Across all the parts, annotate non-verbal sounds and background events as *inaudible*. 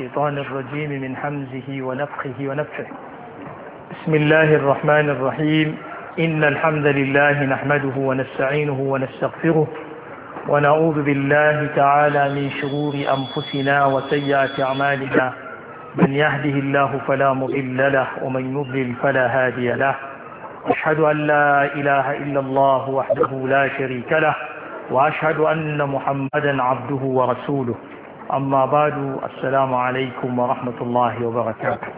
الشيطان الرجيم من حمزه ونفخه ونفخه بسم الله الرحمن الرحيم إن الحمد لله نحمده ونستعينه ونستغفره ونعوذ بالله تعالى من شرور أنفسنا وسيئات أعمالنا من يهده الله فلا مضل له ومن يضلل فلا هادي له أشهد أن لا إله إلا الله وحده لا شريك له وأشهد أن محمدا عبده ورسوله amma ba du assalamu alaikum wa rahmatullahi wa barakatuh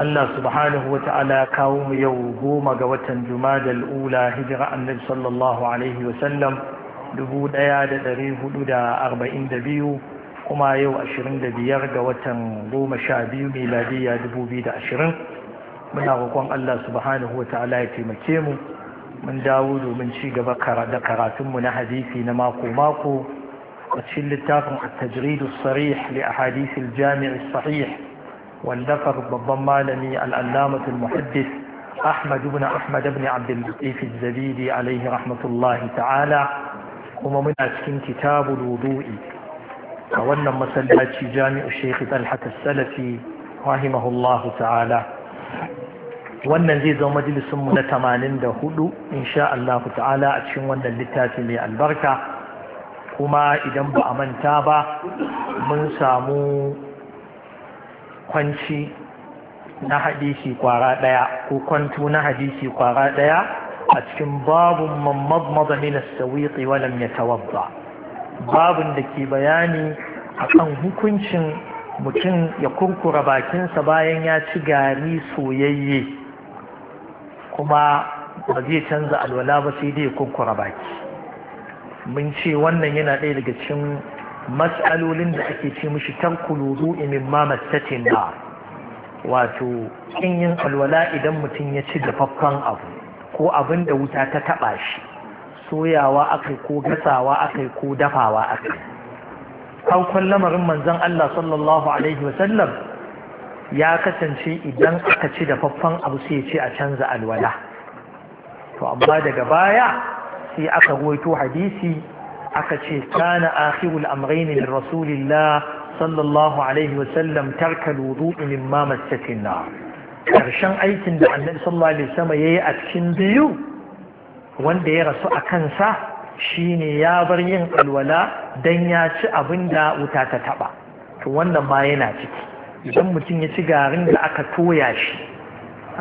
Allah subhanahu wa ta'ala kawo mu yau goma ga watan jumadal ula hijira annabi hudu da wa da biyu kuma yau biyar ga watan goma sha biyu miladiyya 2020 muna roƙon Allah subhanahu wa ta'ala ya taimake mu mun dawo domin ci gaba da karatunmu na hadisi na mako-mako وتشل التافن التجريد الصريح لأحاديث الجامع الصحيح والذكر بالضمالني الألامة المحدث أحمد بن أحمد بن عبد اللطيف الزبيدي عليه رحمة الله تعالى وما من أسكن كتاب الوضوء وأن مسلات جامع الشيخ طلحة السلفي رحمه الله تعالى wannan zai zama majalisunmu na 84 insha Allah ta'ala a cikin wannan littafi mai albarka kuma idan ba a manta ba mun samu kwanci na hadisi kwara daya ko kwantu na hadisi kwara daya a cikin babun mamman min as-sawiqi wa ya ta'wabba babun da ke bayani a kan hukuncin mutum ya kurkura bakinsa bayan ya ci gari soyayye kuma ba zai canza alwala ba sai dai ya kurkura baki mun ce wannan yana ɗaya daga cikin matsalolin da ake ce mishi tan kuluru imin mamastatin ba wato kin yin alwala idan mutum ya ci dafaffen abu ko abin da wuta ta taɓa shi soyawa akai ko gasawa akai ko dafawa akai farkon lamarin manzon Allah sallallahu alaihi wasallam ya kasance idan aka ci dafaffen abu sai ya ce a canza alwala to amma daga baya sai aka ruwaito hadisi aka ce kana akhirul amrayn min rasulillah sallallahu alaihi wa sallam tarka wudu'i mimma massatin nar karshen aikin da annabi sallallahu alaihi wasallam yayi a cikin biyu wanda ya rasu a kansa shine ya bar yin alwala dan ya ci abin da wuta ta taba to wannan ma yana ciki idan mutum ya ci garin da aka toya shi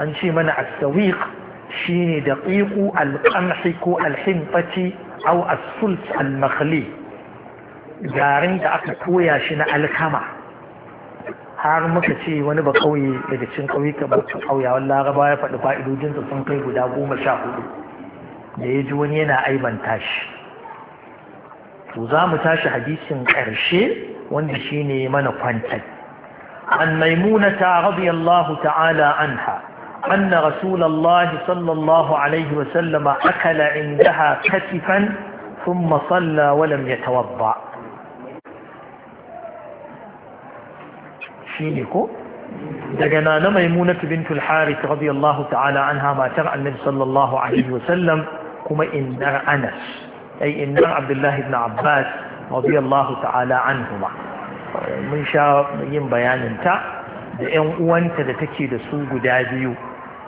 an ce mana as-sawiq shine daqiqu al-qamh ko alhimfaci au aw as-suls garin da aka koya shi na alkama har muka ce wani ba kauye daga cikin kauyuka ba kauyawan laraba ya faɗi fa'idojinsa sun kai guda goma sha hudu da ya ji wani yana aiban tashi? to za mu tashi hadisin ƙarshe wanda shine mana kwantar. an maimunata rabiyallahu ta'ala anha أن رسول الله صلى الله عليه وسلم أكل عندها كتفا ثم صلى ولم يتوضأ شينكو دقنا ميمونة بنت الحارث رضي الله تعالى عنها ما ترى النبي صلى الله عليه وسلم كما إن أنس أي إن عبد الله بن عباس رضي الله تعالى عنهما من شاء yin bayanin ta da 'yan uwanta da take da su guda biyu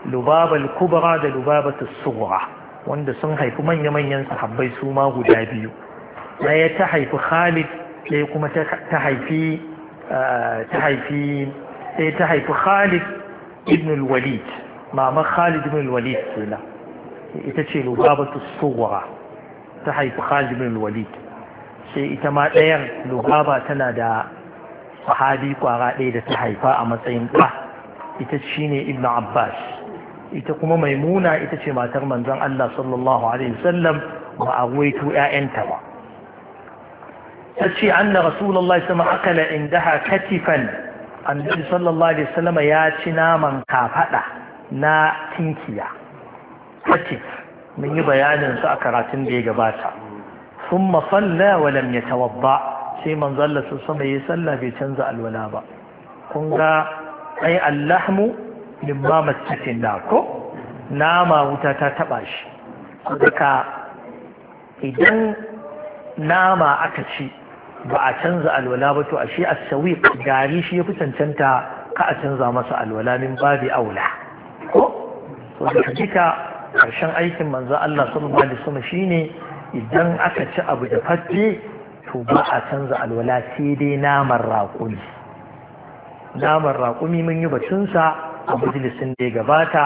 Lubabal kubra da lubaba as-sughra wanda sun haifi manya-manyan sahabbai su ma guda biyu ɗaya ta haifi Khalid ɗaya kuma ta haifi ta haifi ɗaya ta haifi Khalid ibn al-Walid mama Khalid ibn al-Walid kenan ita ce lubaba as-sughra ta haifi Khalid ibn al-Walid sai ita ma dayan lubaba tana da sahabi kwara ɗaya da ta haifa a matsayin ɗa ita shine ibn Abbas ita kuma maimuna ita ce matar manzon Allah sallallahu alaihi wasallam ba a waito ƴaƴanta ba tace anna rasulullahi sama akala indaha katifan annabi sallallahu alaihi wasallam ya ci naman kafaɗa. na tinkiya katif mun yi bayanin su a karatun da ya gabata thumma salla wa lam tawabba sai manzon Allah sallallahu ya bai canza alwala ba kun ga ai allahmu min cikin da, ko nama wuta ta taba shi daga idan nama aka ci ba a canza alwala ba to a shi asawi gari shi ya fi cancanta ka a canza masa alwala min babi aula ko to karshen aikin manzo Allah sallallahu alaihi wasallam shine idan aka ci abu da fatti to ba a canza alwala sai dai naman raƙumi naman raƙumi mun yi batunsa a majalisin da ya gabata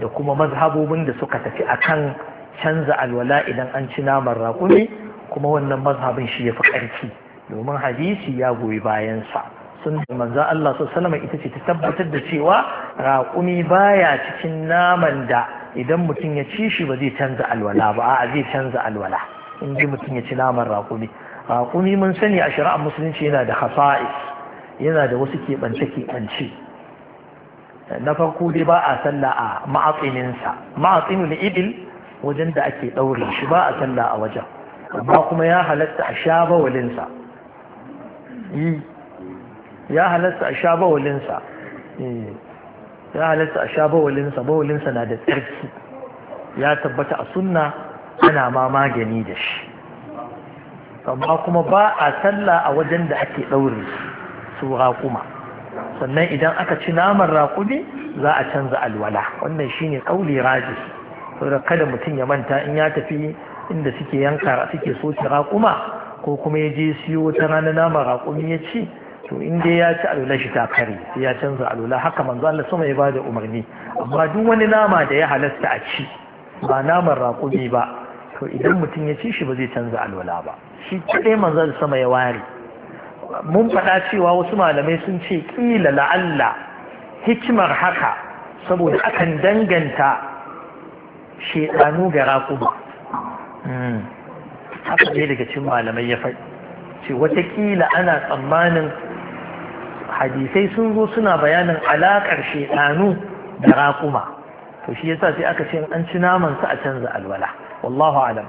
da kuma mazhabobin da suka tafi a kan canza alwala idan an ci naman raƙumi kuma wannan mazhabin shi ya fi ƙarfi domin hadisi ya goyi bayansa sun da manzo Allah sallama ita ce ta tabbatar da cewa raƙumi baya cikin naman da idan mutum ya ci shi ba zai canza alwala ba a zai canza alwala in ji mutum ya ci naman raƙumi raƙumi mun sani a shari'ar musulunci yana da hasa'is yana da wasu keɓance keɓance na farko dai ba a sallah a ma'atsininsa ma'atsinul ibil wajen da ake ɗaure shi ba a sallah a wajen amma kuma ya halatta a sha bawalinsa ya halatta a sha ya halatta a sha bawalinsa na da tsarki ya tabbata a sunna ana ma magani da shi amma kuma ba a sallah a wajen da ake ɗaure su kuma sannan idan aka ci naman raƙumi za a canza alwala wannan shine ƙauli raji saboda kada mutum ya manta in ya tafi inda suke yanka suke soke raƙuma ko kuma ya je siyo ta ranar naman raƙumi ya ci to in dai ya ci alwala shi ta kare sai ya canza alwala haka manzo Allah sama ya bada umarni amma duk wani nama da ya halasta a ci ba naman raƙumi ba to idan mutum ya ci shi ba zai canza alwala ba shi kadai manzo Allah sama ya ware mun faɗa cewa wasu malamai sun ce ƙila la'alla hikimar haka saboda akan danganta shedanu ga raƙuma hmm. haka ne daga cin malamai ya faɗi ce watakila ana tsammanin hadisai sun zo suna bayanin alaƙar shedanu da raƙuma to shi yasa sai aka ce an ci naman su a canza alwala wallahu alam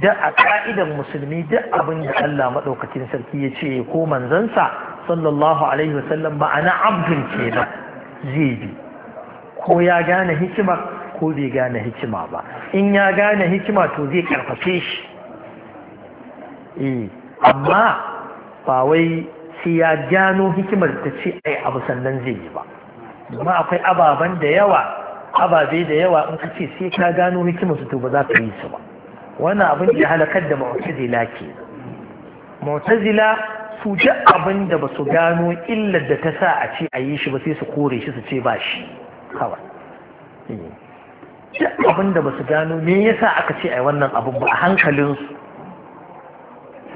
da a ka'idan musulmi duk abin da Allah maɗaukacin sarki ya ce ko manzansa sallallahu alaihi wasallam ma'ana abdul ba zai bi ko ya gane hikima ko bai gane hikima ba in ya gane hikima to zai karfafe shi e amma ba wai sai ya gano hikimar ta ce ai abu sannan zai yi ba amma akwai ababen da yawa ababe da yawa in ka ce sai ka gano hikimarsu to ba za ka yi su ba wannan abin da ya halakar da mu'tazila ke mu'tazila su ji abin da ba su gano illar da ta sa a ce a yi shi ba sai su kore shi su ce ba shi kawai duk abin da ba su gano me yasa aka ce a wannan abin ba a hankalinsu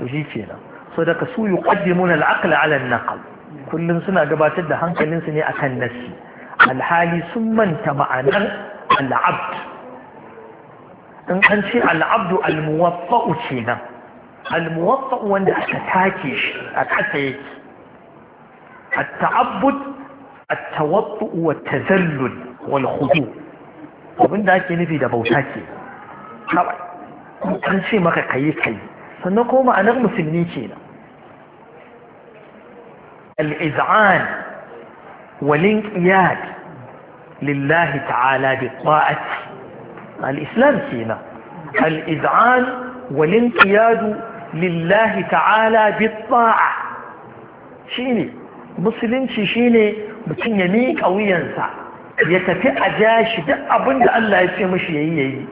su? shi kenan so daga su yi ƙaddimuna al'aqla ala naqal kullum suna gabatar da hankalin su ne akan nasi alhali sun manta ma'anar al'abd in an ce al'abdu al-muwaffa'u kenan al-muwaffa'u wanda aka take shi a ƙasa yake at-ta'abbud at-tawaddu wa tazallul wal khudu abin da ake nufi da bauta ke kawai an ce maka kayi kai sannan kuma ma'anar musulmi kenan al-iz'an wal inqiyad lillahi ta'ala bi ta'ati al-islam kenan الإذعان walintiyadu lillahi ta'ala bi ta'a shine musulunci shine mutum ya miƙa wuyansa ya tafi a jashi duk abin Allah ya ce mishi yayi yayi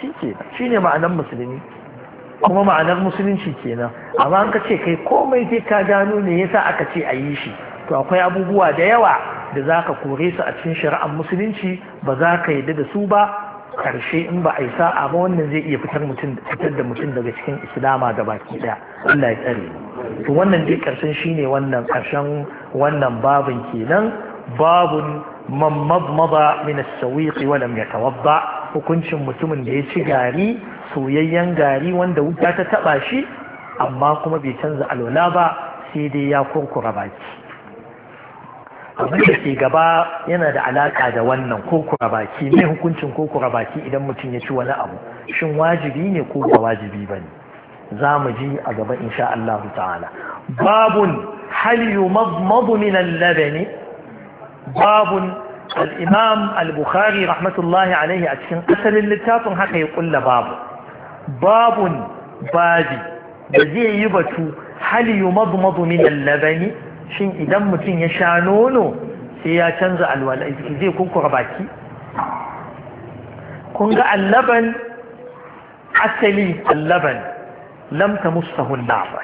Shi shine ma'anar musulmi kuma ma'anar musulunci kenan amma in ka ce kai komai sai ka gano ne yasa aka ce a yi shi to akwai abubuwa da yawa da zaka kore su a cikin shari'ar musulunci ba za ka yadda da su ba karshe in ba a yi sa'a ba wannan zai iya fitar da mutum daga cikin islama da baki daya Allah ya tsare to wannan dai karshen shine wannan karshen wannan babin kenan babun man madmada min as wa lam yatawadda hukuncin mutumin da ya ci gari soyayyen gari wanda wuta ta taba shi amma kuma bai canza alwala ba sai dai ya kurkura baki abin da ke gaba yana da alaka da wannan kura baki ne hukuncin kura baki idan mutum ya ci wani abu shin wajibi ne ko ba wajibi ba ne za mu ji a gaba insha Allah ta'ala babun hal yumadmadu min al-labani babun al-imam al-bukhari rahmatullahi alaihi a cikin asalin littafin haka ya kulla babu babun babi da zai yi batu hal yumadmadu min al-labani shin idan mutum ya sha nono sai ya canza alwala zai kunkura baki kun ga allaban asali allaban lamta mustahun lafa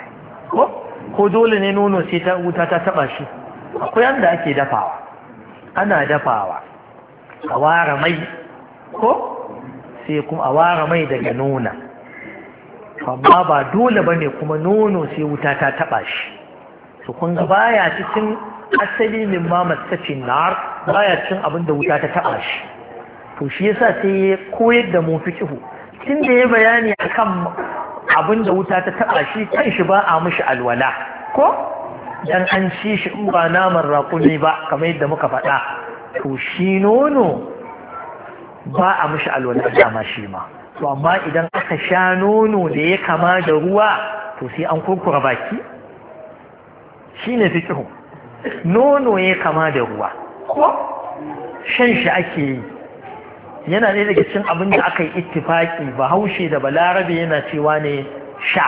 ko dole ne nono sai ta wuta ta taba shi akwai yadda ake dafawa ana dafawa a ware mai ko sai kuma a ware mai daga nona amma ba dole ba ne kuma nono sai wuta ta taba shi su kun ga baya cikin asali min ma masacin nar baya cikin abin da wuta ta taba shi to shi yasa sai ya koyar da mu fiqhu tun da ya bayani akan abin da wuta ta taba shi kan shi ba a mishi alwala ko dan an ci shi in ba naman raƙumi ba kamar yadda muka faɗa to shi nono ba a mishi alwala dama shi ma to amma idan aka sha nono da ya kama da ruwa to sai an kurkura baki Shi shine fikihu nono ya kama da ruwa ko shan shi ake yi yana ne daga cikin abin da aka yi ittifaki bahaushe da balarabe yana cewa ne sha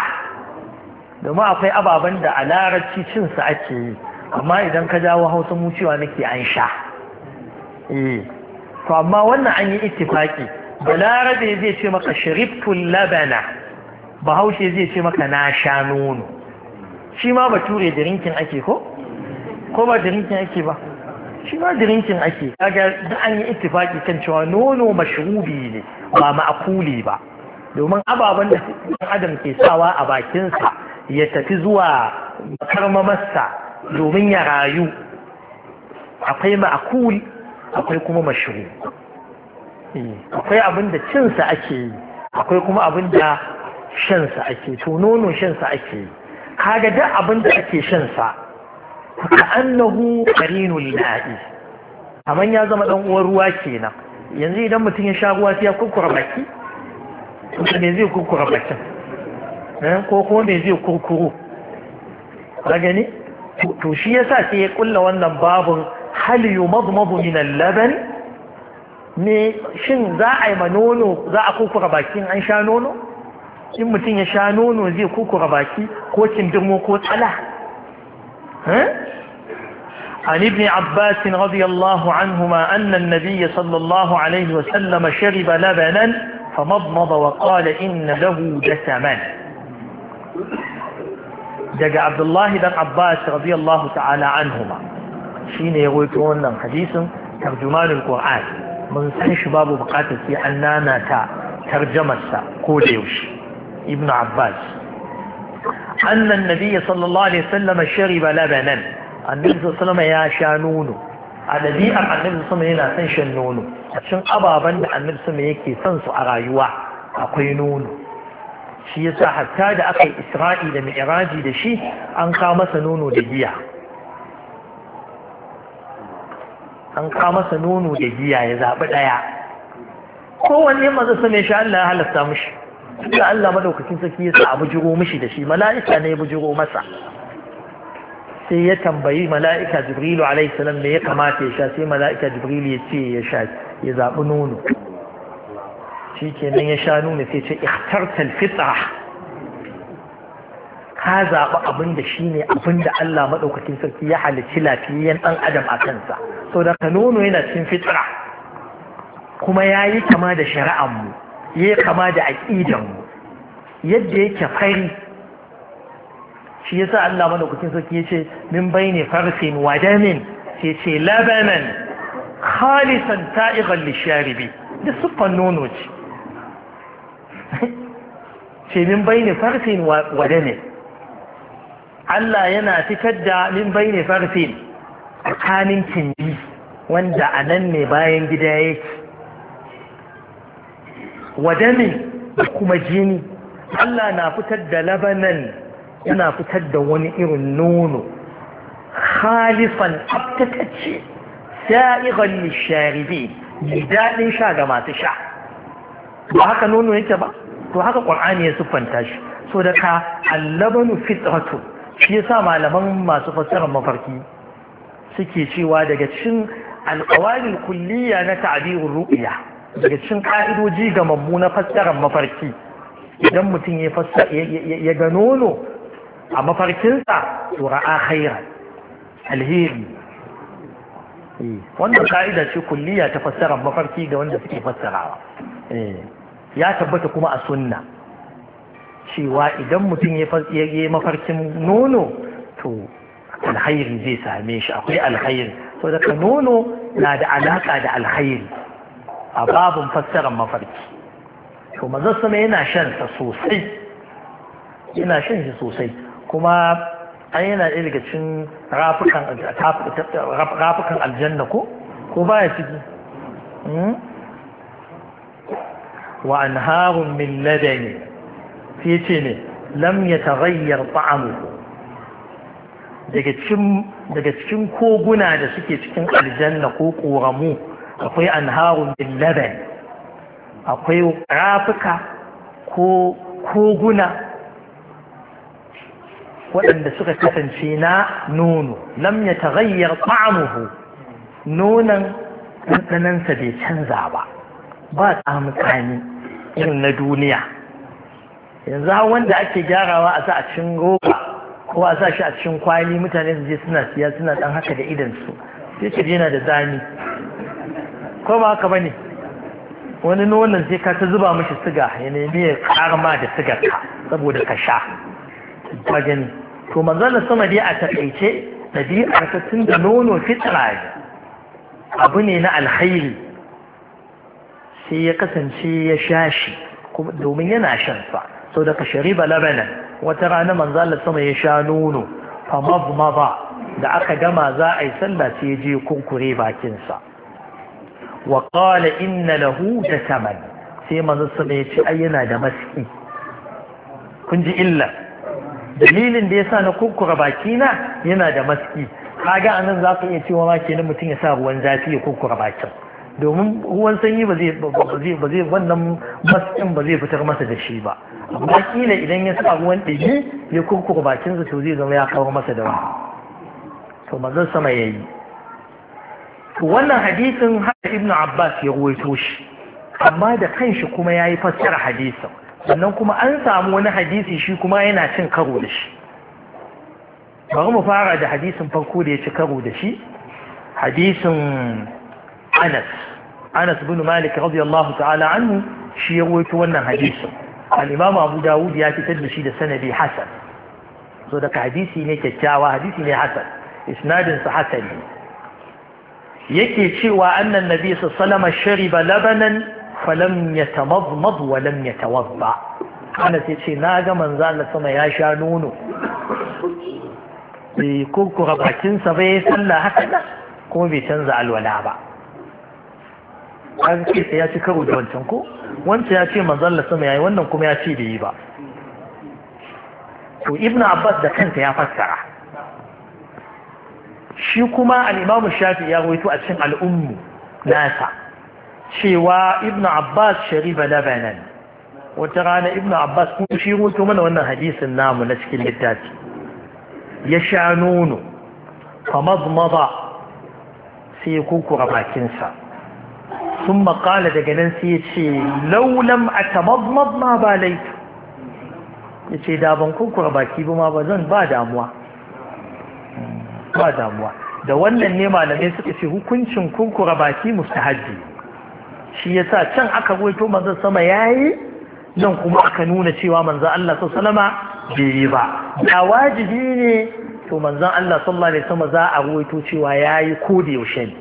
domin akwai ababen da a larabci cinsa ake yi amma idan ka jawo hausa mu cewa nake an sha eh to amma wannan an yi ittifaki balarabe zai ce maka sharibtul labana bahaushe zai ce maka na sha nono shi ma ture dirinkin ake ko ko ba dirinkin ake ba shi ma dirinkin ake kaga da an yi ittifaki kan cewa nono mashrubi ne ba ma'akuli ba domin ababen da ɗan adam ke sawa a bakinsa ya tafi zuwa karmamarsa domin ya rayu akwai ma'akuli akwai kuma mashrubi akwai abin da cinsa ake yi akwai kuma abin da shansa ake to nono shansa ake yi kaga duk abin da ake shan sa ka annahu karinu ma'i amman ya zama dan uwar ruwa kenan yanzu idan mutum ya sha ruwa sai ya kurkura baki me zai kurkura bakin eh, ko kuma me zai kurkuru ka gani to shi yasa sai ya kulla wannan babun hal yumadmadu min al-laban me shin za a yi ma nono za a kurkura bakin an sha nono in mutum ya sha nono zai kukura baki ko cindirmo ko tsala عن ابن عباس رضي الله عنهما أن النبي صلى الله عليه وسلم شرب لبنا فمضمض وقال إن له جسما دقى عبد الله بن عباس رضي الله تعالى عنهما شين يقولون حديث ترجمان القرآن من سن شباب بقاتل في أننا تا ترجمة كوديوش ibn abbas annan nabiya sallallahu alaihi sallama shariba labanan annabi sallama ya sha nono a ɗabi'ar annabi Sama yana son shan nono a cikin ababen da annabi Sama yake son su a rayuwa akwai nono shi yasa hatta da aka yi isra'i da mi'raji da shi an kawo masa nono da giya an kawo masa nono da giya ya zaɓi ɗaya kowanne maza Sama ya sha Allah ya halasta mushi da Allah madaukakin sarki ya sa a bujiro mishi da shi mala'ika ne ya bujiro masa sai ya tambayi mala'ika jibrilu alaihi salam me ya kamata ya sha sai mala'ika jibrilu ya ce ya sha ya zaɓi nono shi kenan ya sha nono sai ce ikhtartal fitra ka zaɓi abin da shi ne abin da Allah maɗaukakin sarki ya halicci lafiyayyen ɗan adam a kansa sau da ka nono yana cikin fitra kuma ya yi kama da shari'ar mu ya kama da aqidan yadda yake fari shi ya sa Allah madaukakin ya ce min bai farsin wa damin sai ce labanan khalisan ta'igan lisharibi da sukan nono ce *laughs* ce min bai farsin wa damin Allah yana fitar da min bai baini farsin tsakanin kindi wanda a nan ne bayan gida yake wadame kuma jini Allah na fitar da labanan yana fitar da wani irin nono khalifan abtatacce sa'igan lisharibi mai daɗin sha ga masu sha ba haka nono yake ba to haka ƙwar'ani ya siffanta shi so da ka allabanu fitratu shi yasa malaman masu fassarar mafarki suke cewa daga cikin alƙawarin kulliya na ta'abirin ru'iya daga cikin ka'idoji ga mammu na fassarar mafarki idan mutum ya fassara ya a mafarkinsa to ra'a khairan alheri wannan ka'ida ce kulliya ta fassarar mafarki ga wanda suke fassarawa eh, ya tabbata kuma a sunna cewa idan mutum ya yi mafarkin nono to alhairi zai same shi akwai alhairi so daga nono na da alaka da alhairi a babin fassarar mafarki to maza sama yana shan sa sosai yana shan shi sosai kuma an yana ɗaya daga cikin rafukan aljanna ko ko baya ciki hmm? wa harun min ladani sai ce ne lam ya tarayyar ta'amuhu daga cikin koguna da suke cikin aljanna ko ƙoramu akwai anharun bin laban akwai rafuka ko koguna waɗanda suka kasance na nono lam ya tagayyar ta'amuhu nonon ɗanɗanansa bai canza ba ba tsamukani irin na duniya yanzu wanda ake gyarawa a cikin roba ko a sa shi a cikin kwali mutane su je suna siya suna ɗan haka da idansu sai ka yana da zani ko ba haka bane wani nonon sai ka ta zuba mashi siga ya nemi ya ma da sigar ka saboda ka sha ba gani to manzon sama dai a takaice ɗabi'ar ta tun da nono fitra abu ne na alkhairi sai ya kasance ya sha shi domin yana shan sa sau daga shariba labanan wata rana da sama ya sha nono famab maza da aka gama za a yi sallah sai ya je kunkure bakinsa wa qala inna lahu jakaman sai manzo sama ya ce ai yana da maski kun ji illa dalilin da ya sa na kukkura bakina yana da maski kaga anan za ku iya cewa maki na mutum ya sa ruwan zafi ya kukkura bakin domin ruwan sanyi ba zai wannan maskin ba zai fitar masa da shi ba amma kila idan ya sa ruwan ɗigi ya kurkura bakinsa to zai zama ya kawar masa da wani to manzon sama ya yi wannan hadisin haka ibnu abbas ya ruwaito shi amma da kanshi kuma ya yi fassara hadisin sannan kuma an samu wani hadisi shi kuma yana cin karo da shi bari mu fara da hadisin farko da ya ci karo da shi hadisin anas anas bin malik radiyallahu ta'ala anhu shi ya rawaito wannan hadisin al-imam abu dawud ya fitar da shi da sanadi hasan so daga hadisi ne kyakkyawa hadisi ne hasan isnadin sa hasan ne yake cewa annan nabi sallama shariba labanan falam ya tamazmaz walam ya tawazza ana sai ce na ga manza na sama ya sha nono bai kurkura bakinsa bai sallah haka nan kuma bai canza alwala ba an ce ya ci karo da wancan ko wancan ya ce manzon la sama ya yi wannan kuma ya ce bai yi ba to ibn abbas da kanta ya fassara shi kuma al'imamu shafi ya rawaito a cikin al'ummu nasa cewa ibn abbas sharifa labanan wata rana ibn abbas kuma shi rawaito mana wannan hadisin namu na cikin littafi ya sha nono famazmaza sai ya kukura bakinsa sun makala daga nan sai ya ce laulam a tamazmaz ma ba ya ce da ban kukura baki ba ma ba zan ba damuwa ba damuwa da wannan ne malamai suka ce hukuncin kurkura baki mustahaji shi yasa can aka goyito manzo sama yayi nan kuma aka nuna cewa manzo Allah sallama bai yi ba da wajibi ne to manzo Allah sallallahu alaihi wasallam za a goyito cewa yayi ko da yaushe ne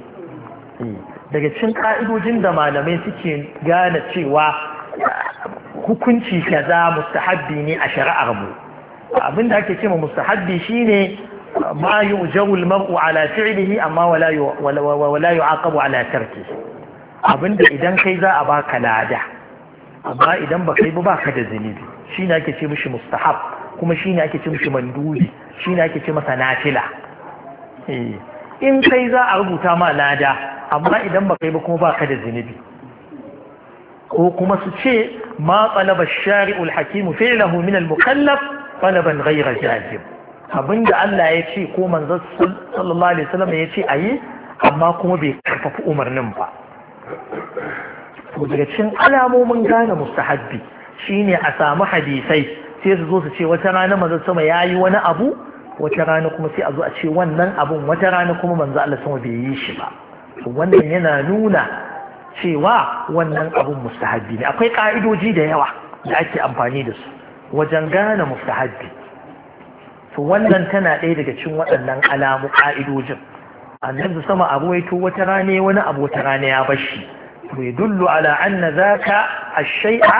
eh, daga cikin ka'idojin da malamai suke gane cewa hukunci kaza mustahabbi ne a shari'ar mu abinda ake cewa mustahabbi shine ما يؤجر المرء على فعله أما ولا ولا يعاقب على تركه abinda idan kai za a baka lada amma idan ba kai ba baka da zunubi shine ake ce mishi mustahab kuma shine ake ce mishi mandubi shine ake ce masa nafila in kai za a rubuta ma lada amma idan ba kai ba kuma baka da zunubi ko kuma su ce ma talaba shari'ul hakimu fi'lahu min al-mukallaf talaban ghayra jazib Abin da Allah ya ce ko manzon sallallahu alaihi wasallam ya ce ayi amma kuma bai karfafi umarnin ba to daga cikin alamomin gane mustahabbi shine a samu hadisai sai su zo su ce wata rana manzon sama yayi wani abu wata rana kuma sai a zo a ce wannan abun wata rana kuma manzo Allah sama bai yi shi ba wannan yana nuna cewa wannan abun mustahabbi ne akwai ka'idoji da yawa da ake amfani da su wajen gane mustahabbi to wannan tana ɗaya daga cikin waɗannan alamu ƙa'idojin annabi sama abu to wata rane wani abu wata rane ya bashi to ya dullu ala anna zaka ash-shay'a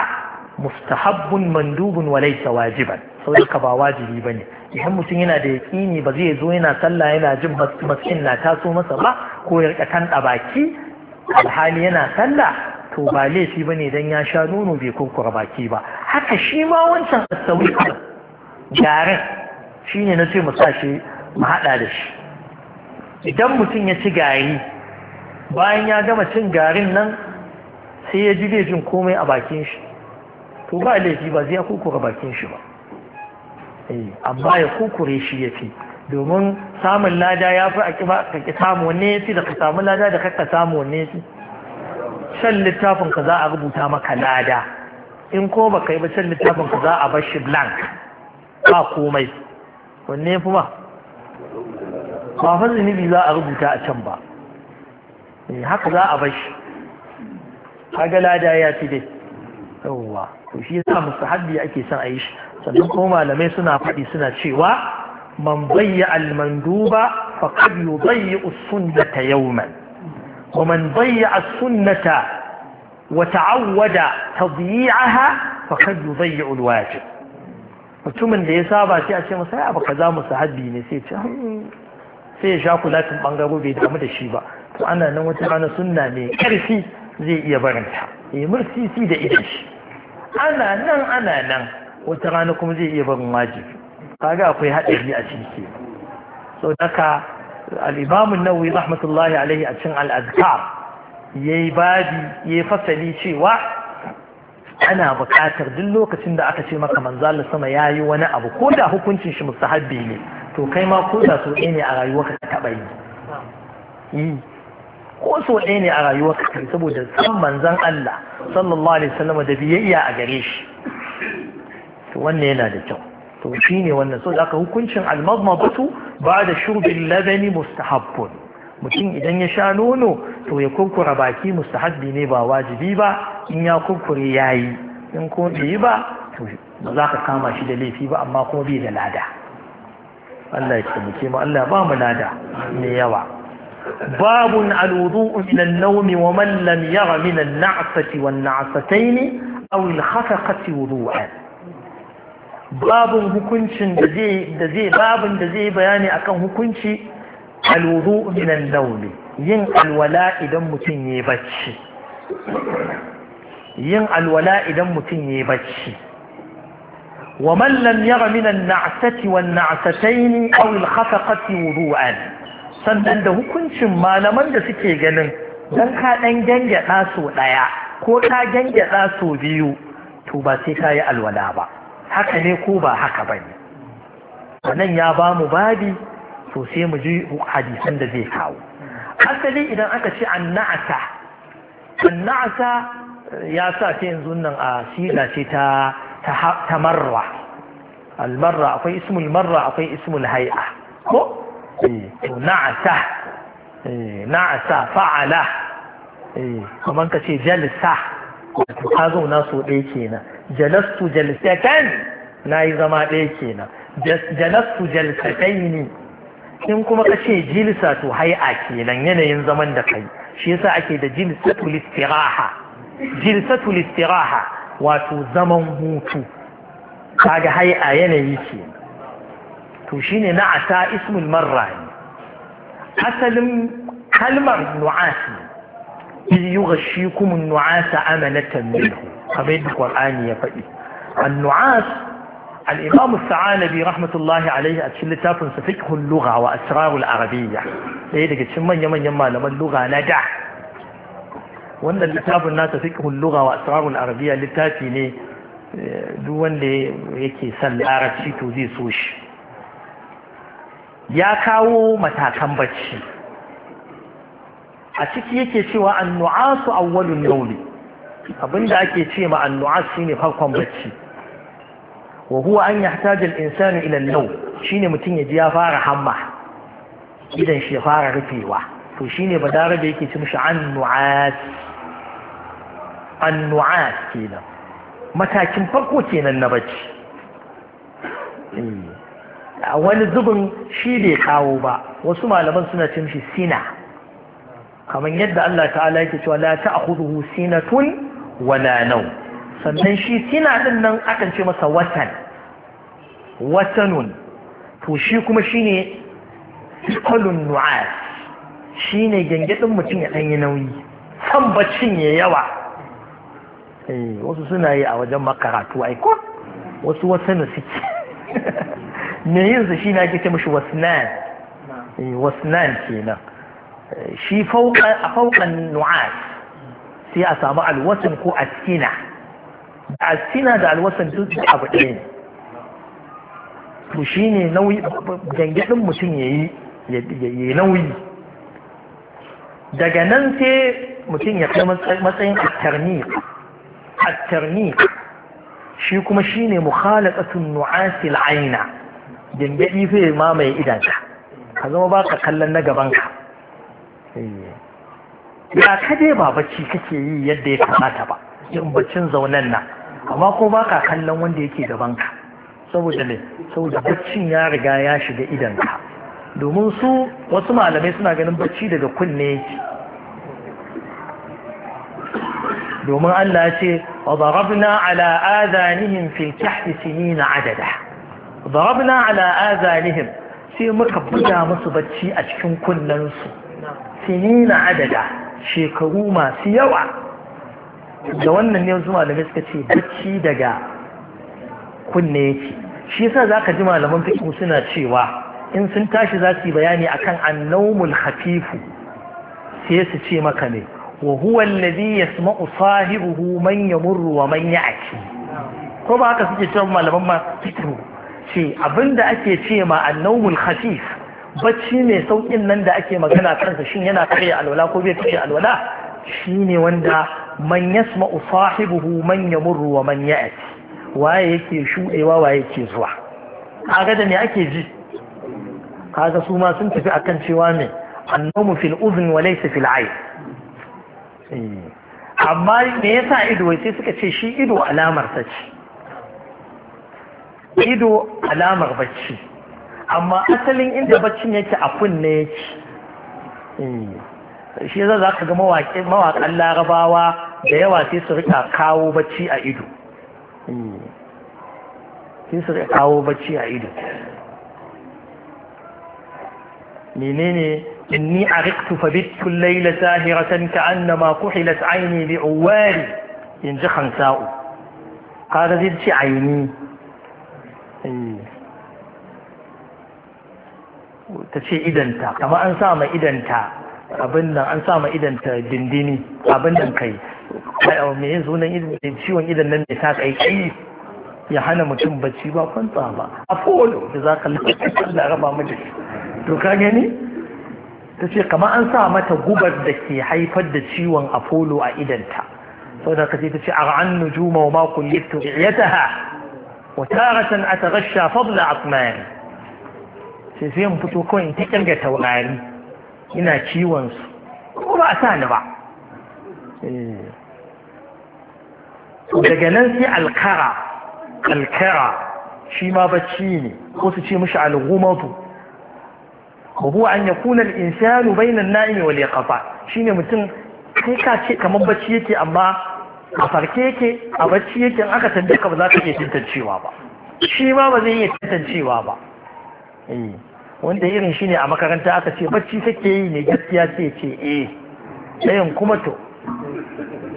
mustahabbun mandubun wa laysa wajiban saboda ba wajibi bane idan mutum yana da yaƙini ba zai zo yana sallah yana jin matsin na taso masa ba ko ya rika kan baki alhali yana sallah to ba laifi bane dan ya sha nono bai kurkura baki ba haka shi ma wancan asawi garin Shi ne na ce mu sa shi mu haɗa da shi idan mutum ya ci gari bayan ya gama cin garin nan sai ya ji jin komai a bakin shi to ba laifi ba zai kukura bakin shi ba eh, amma ya kukure shi ya fi domin samun lada ya fi a kaki samu wanne ya fi da ka samu lada da ka samu wanne ya fi shan littafin ka za a rubuta maka lada in ko baka yi ba shan littafin ka za a bar shi blank ba komai wanne ya fi ba ba fa zunubi za a rubuta a can ba haka za a bashi kaga lada ya ci dai yawwa to shi yasa mustahabbi ake son a yi shi sannan kuma malamai suna faɗi suna cewa man bayya al-manduba qad yudayyi as-sunnata yawman wa man bayya as-sunnata wa ta'awwada tadyi'aha faqad yudayyi al-wajib mutumin da ya saba sai a ce masa ya baka za musu haddi ne sai ce hmm, sai ya sha kulatin bangaro bai damu da shi ba to ana nan wata rana sunna mai karfi zai iya barinta ya mursisi da idan shi ana nan ana nan wata rana kuma zai iya barin wajibi kaga akwai haɗari a ciki so daga al-imamun nawawi rahmatullahi alaihi a cikin al-azkar yayi babi yayi fasali cewa ana buƙatar duk lokacin da aka ce maka Allah sama ya yi wani abu ko da hukuncin shi mustahabbi ne to kai ma ko da so ɗaya ne a rayuwarka ka taɓa yi hmm. ko so ɗaya ne a rayuwarka ka saboda san manzon Allah sallallahu alaihi wasallam da biyayya a gare shi to wannan yana da kyau to shine wannan so da aka hukuncin al-madmadatu ba'da shurbil ladani mustahabbun mutum idan ya sha nono to ya kurkura baki mustahabbi ne ba wajibi ba in ya kurkure ya yi in ko bai yi ba to ba za ka kama shi da laifi ba amma kuma bai da lada Allah ya taimake mu Allah ba mu lada mai yawa babun alwudu'u min an-nawmi wa man lam yara min an-na'sati wan-na'satayn aw al-khafaqati wudu'an babun hukuncin da zai da zai babun da zai bayani akan hukunci alwudu minan naumi yin alwala idan mutum ya bacci yin alwala idan mutum ya bacci wa man lam yara minan na'asati wan na'asataini aw al khafaqati wudu'an sannan da hukuncin malaman da suke ganin don ka ɗan gangada so ɗaya ko ka gangada so biyu to ba sai ka yi alwala ba haka ne ko ba haka bane wannan ya ba mu babi to sai mu ji hadisan da zai kawo asali idan aka ce anna'ata anna'ata eh, ya sa ce yanzu nan a siga ce ta ta marra almarra akwai ismul marra akwai ismul hay'a ko na'ata eh. na'ata eh, fa'ala kamar ka ce jalsa ka zauna so ɗaya kenan jalastu jalsatan na yi zama ɗaya kenan jalastu jalsataini in kuma ka ce jilisa to hai'a kenan yanayin zaman da kai shi yasa ake da jilsatul istiraha jilsatul istiraha wato zaman hutu kaga hai'a yanayi ce to shine na ata ismul marra asalin kalmar nu'asi yughashikumun nu'asa amanatan minhu kamar yadda qur'ani ya faɗi an-nu'as الإمام الثعالبي رحمة الله عليه أتشل تافن سفكه اللغة وأسرار العربية ليه دقيت شمان يمن يما لما اللغة نجح وأن الكتاب الناس فكه اللغة وأسرار العربية لتاتي ني دون لي يكي سن العربي توزي سوش يا كاو متى كان بتشي أتشكي يكي شوى النعاس أول النوم abinda ake ce ma annu'as shine farkon bacci wa huwa an yahtaja al-insanu ila an shine mutum ya ji ya fara hamma idan shi ya fara rufewa to shine badarabe yake ci mishi an nu'as an nu'as kenan matakin farko kenan na bacci eh, a wani zubin shi bai kawo ba wasu malaman suna cin shi sina kamar yadda Allah ta'ala yake cewa la ta'khudhuhu tun wala nau. sannan shi tina din nan akan ce masa watan watanun to shi kuma shi ne qalun nu'as shi ne gangadin mutum ya ɗanyi nauyi san baccin ya yawa eh, wasu suna yi a wajen makaratu ai ko wasu watanu suke *laughs* me yin su shi na ake ce nan. wasnan nan eh, wasnan kenan eh, shi a fauqan nu'as sai a samu alwasan ko asina asina da alwasan duk abu ɗaya ne to shi ne nauyi gangaɗin mutum ya yi nauyi daga nan sai mutum ya kai matsayin attarni attarni shi kuma shi ne mukhalaqatun nu'asil aina gangadi sai mamaye idanka ka zama ba ka kallon na gabanka eh. ya ka dai ba bacci kake yi yadda ya kamata ba jimbacin baccin zaunen nan amma ko ba ka kallon wanda yake gaban ka saboda ne saboda baccin ya riga ya shiga ka domin su wasu malamai suna ganin bacci daga kunne yake domin Allah ya ce wa darabna ala adanihim fil kahfi adada ala adanihim sai muka buga musu bacci a cikin kunnensu sinina adada shekaru masu yawa da wannan ne zuma da suka ce bacci daga kunne yake shi yasa zaka ji malaman fiqh suna cewa in sun tashi za su yi bayani akan annawmul khafifu sai su ce maka ne wa huwa alladhi yasma'u sahibuhu man yamurru wa man ya'ti ko ba haka suke cewa malaman ma fiqh ce abinda ake ce ma annawmul khafif bacci mai saukin nan da ake magana kansa shin yana kare alwala ko bai kare alwala shine wanda man yasma'u usahibuhu man yamurru wa man ya'ti waye yake shudewa waye yake zuwa kaga da me ake ji kaga su ma sun tafi akan cewa ne annamu fil uzn wa laysa fil ayn eh. amma me yasa ido sai suka ce shi ido alamar ta ce ido alamar bacci amma asalin inda baccin yake a kunne yake eh. shi yasa za ka ga mawaƙan larabawa da yawa sai su rika kawo bacci a ido sai su rika kawo bacci a ido menene inni ariktu fa bittu layla sahiratan ka annama kuhilat aini bi uwari yanzu khansa'u kaga zai ci aini eh. ta ce idanta kama an sa ma idanta abin nan an sama idan ta dindini abin nan kai mai yin sunan ciwon idan nan mai sa kai ya hana mutum bacci ba kwanta ba a folo da za ka Allah raba mu da to ka gani ta ce kamar an sa mata gubar da ke haifar da ciwon apollo a idanta da ka ce ta ce a ar'an nujuma wa ma kullittu iyataha wa taratan ataghasha fadla atman sai sai mu fito kawai ta ga taurari ina ciwon su ba a sa ni ba eh. daga nan sai alkara alkara shi ma bacci ne ko su ce mishi alghumatu وهو أن يكون الإنسان wale النائم Shi ne mutum kai ka ce kamar bacci yake amma a farke yake a bacci yake in aka tambaye ka ba za ka iya tantancewa ba shi ma ba zai iya tantancewa ba eh. wanda irin shi ne a makaranta aka ce bacci kake yi ne gaskiya sai ce eh ɗayan kuma to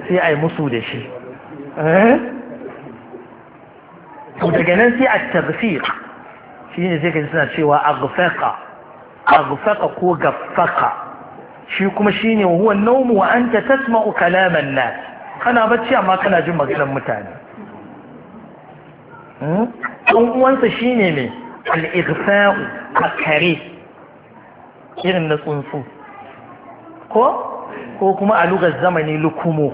sai a yi musu da shi eh? to daga nan sai a tarfiq shi ne sai ka suna cewa agfaka agfaka ko gafaka shi kuma shi ne huwa naumu wa an ta tasma'u kalaman nas kana bacci amma kana jin maganar mutane hmm? ɗan uwansa shi ne mai al'irfa'u a kare irin na tsuntsu ko ko kuma a lugar zamani lukumo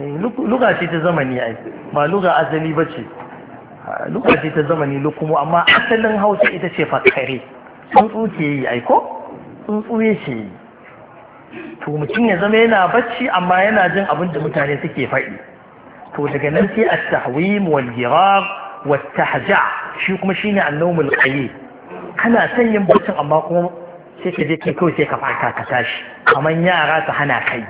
eh, luga ce ta zamani ai ba luga asali ba ce luga ce ta zamani lukumo amma asalin hausa ita ce fakare tsuntsu ke yi ai ko tsuntsu ya ce yi to mutum ya zama yana bacci amma yana jin abin da mutane suke faɗi to daga nan sai a tahwim wal girar wattahja shi kuma shine annawmul qayyim kana son yin amma kuma sai ka je kai kawai sai ka farka ka tashi kamar yara su hana kai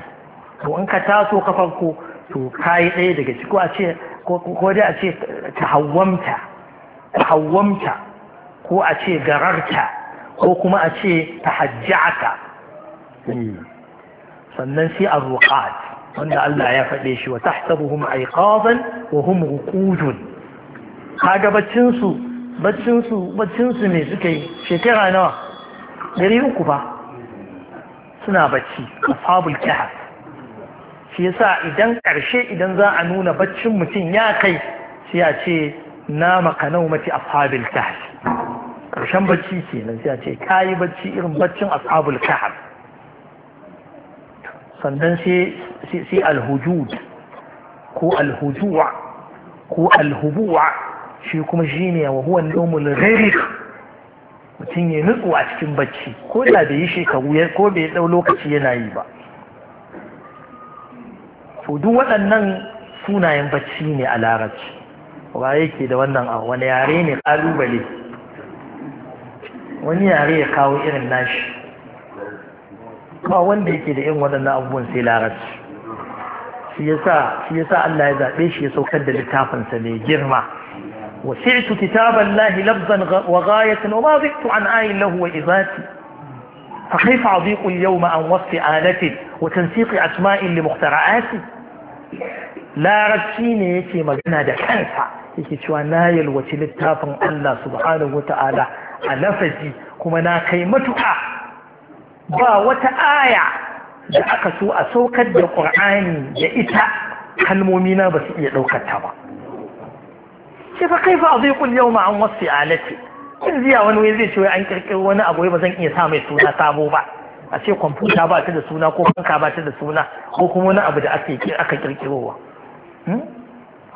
to in ka taso ka farko to kayi ɗaya daga ciki a ce ko dai a ce ta hawwamta hawwamta ko a ce gararta ko kuma a ce ta hajjata sannan sai a wanda Allah ya faɗe shi wa tahsabuhum aiqadan wa hum ruqudun kaga baccinsu baccinsu baccinsu ne suka yi shekara nawa dari uku ba suna bacci a fabul kihar shi yasa idan ƙarshe idan za a nuna baccin mutum ya kai sai a ce na makanau mace a fabul kihar ƙarshen bacci kenan sai a ce ka yi bacci irin baccin fabul kahar sannan sai alhujud ko alhujuwa ko alhubuwa shi kuma shi ne wa huwa nomul gharif mutum ya nutsu a cikin bacci ko da bai yi shekaru ko bai ɗau lokaci yana yi ba to duk waɗannan sunayen bacci ne a larabci ba yake da wannan a wani yare ne ƙalubale wani yare ya kawo irin nashi ba wanda yake da irin waɗannan abubuwan sai larabci shi yasa Allah ya zaɓe shi ya saukar da littafinsa mai girma وسعت كتاب الله لفظا وغاية وما ضئت عن آي له وإباتي فكيف أضيق اليوم عن وصف آلة وتنسيق أسماء لمخترعاتي لا رجيني في مجنى دا كنسا يكي شوى نايل وتلتافا الله سبحانه وتعالى على فزي كمنا قيمتها با وتآية da aka so a saukar da ƙur'ani da ita ce fa kai fa aziqul yawma an wasi alati kin ziya wani wai zai ce wai an kirkiro wani abu wai ba zan iya sa mai suna sabo ba a ce kwamfuta ba ta da suna ko fanka ba ta da suna ko kuma wani abu da ake aka kirkirowa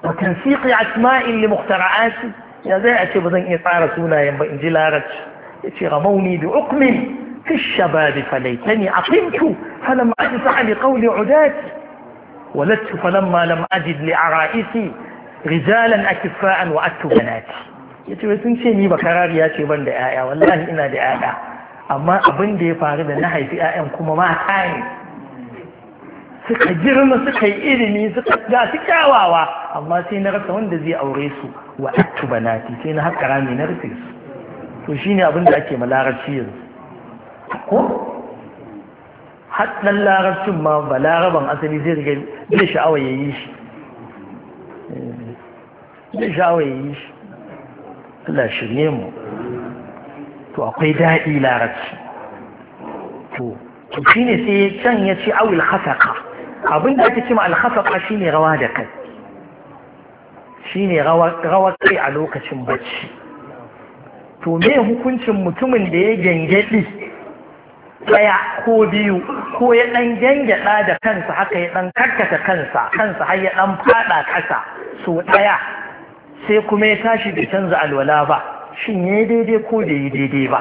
wa tansiqi asma'in li mukhtara'ati ya zai a ce ba zan iya tsara sunayen ba in ji larabci ya ce ramauni bi ukmin في الشباب فليتني أقمت فلم أجزع لقول عداتي ولدت فلما لم أجد لعرائسي rijalan akifa'an wa attu banati yace wai sun ce ni ba karariya ce ban da yaya wallahi ina da yaya amma abin da ya faru da na haifi yayan kuma ma ne suka girma suka yi ilimi suka ga su kyawawa amma sai na rasa wanda zai aure su wa attu banati sai na haka rami na rufe su to shine abin da ake malarabci yanzu ko haɗin larabcin ma ba laraban asali zai riga zai sha'awa ya yi shi eh. da shawayi shi Allah ne mu to akwai daɗi larabci to shi ne sai can ya ce awil hasaka abin da ake ce ma alhasaka shi ne rawa da kai shi ne rawa kai a lokacin bacci to me hukuncin mutumin da ya gyangyaɗi ɗaya ko biyu ko ya ɗan gyangyaɗa da kansa haka ya ɗan karkata kansa kansa har ya ɗan faɗa ƙasa so ɗaya sai kuma ya tashi bai canza alwala ba shin ya yi daidai ko da yi daidai ba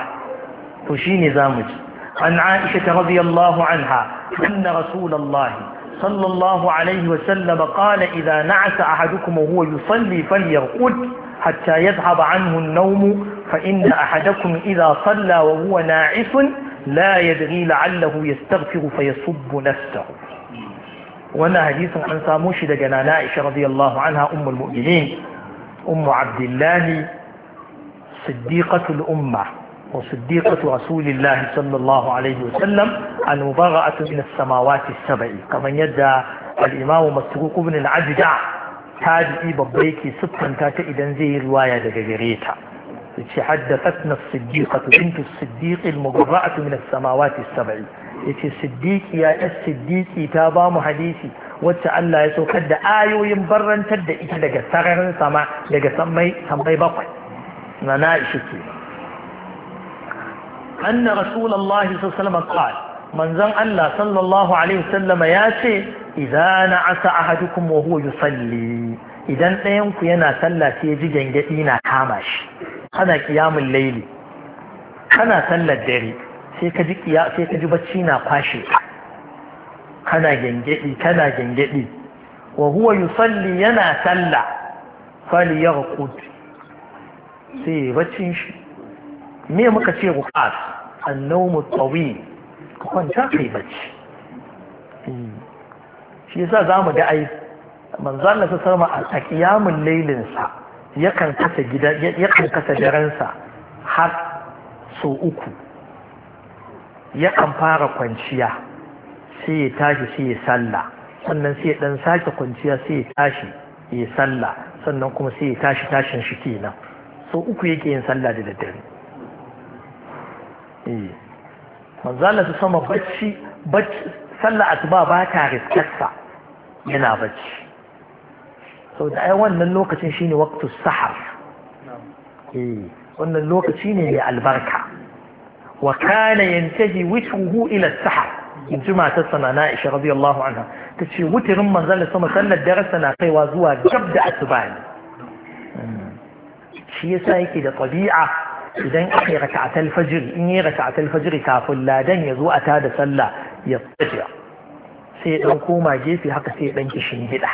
to shi ne za mu ji an aisha ta radiyallahu anha na rasulallahi sallallahu alaihi wa sallama qala idza na'asa ahadukum wa huwa yusalli falyarqud hatta yadhhab anhu an naumu fa inna ahadakum idza salla wa huwa na'isun la yadri la'allahu yastaghfiru fayasubbu nafsahu wannan hadisin an samo shi daga nana aisha radiyallahu anha ummul mu'minin أم عبد الله صديقة الأمة وصديقة رسول الله صلى الله عليه وسلم المبرأة من السماوات السبع كما يدى الإمام مسروق بن العجدع تابعي ببريكي سبتن تاتا إذن زي رواية دقريتا حدثتنا الصديقة بنت الصديق المبرأة من السماوات السبع يتي الصديق يا الصديق تابام حديثي wacce Allah ya saukar da ayoyin barrantar da ita daga sararin sama daga sammai sammai bakwai na na'ishi ke anna rasulullahi sallallahu alaihi manzon Allah sallallahu alaihi wasallama ya ce a na'asa kuma wa huwa yusalli idan ɗayan ku yana sallah sai ya ji gangadi na kama shi kana qiyamul layli kana sallar dare sai ka ji sai bacci na kwashe kana gyangyaɗi kana gyangyaɗi wa huwa yusalli yana sallah fali ya sai baccin shi me muka ce ruqas annawmu tawil ka kwanta kai bacci hmm. shi yasa zamu ga ai manzo Allah ta sama a qiyamul lailin sa yakan kasa gida yakan kasa daren sa har su uku yakan fara kwanciya sai ya tashi sai ya salla sannan sai ya dan sake kwanciya sai ya tashi ya salla sannan kuma sai ya tashi tashin shi kenan so uku yake yin salla da daddare eh. manzala su sama bacci bacci salla asuba ba ta riskarsa yana bacci sau da ai wannan lokacin shine waktu sahar eh wannan lokaci ne mai albarka wa kana yantahi witruhu ila sahar in ji matar sana na isha radiyallahu anha ta ce wutirin manzan da sama sallar darasa na kaiwa zuwa gab da asuba hmm. shi yasa yake da tabi'a idan aka yi raka'at alfajr in yi raka'at alfajr kafin ladan ya zo a tada sallah ya tafiya sai dan koma gefe haka sai dan kishin gida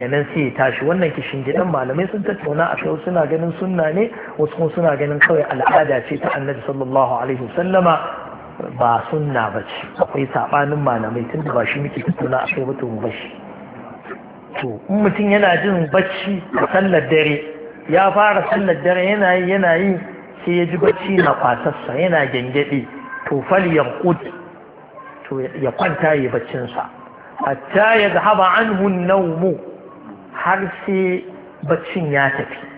nan sai ya tashi wannan kishin gidan malamai sun tattauna a kai suna ganin sunna ne wasu kuma suna ganin kawai al'ada ce ta annabi sallallahu alaihi wasallama ba sunna ba ce akwai saɓanin malamai tun da ba shi muke tattauna a kai mutum bashi to in mutum yana jin bacci a sallar dare ya fara sallar dare yana yi yana yi sai ya ji bacci na kwasassa yana gyangyaɗe to fal yanqud to ya kwanta ya baccinsa hatta ya zahaba anhu an-nawm har sai baccin ya tafi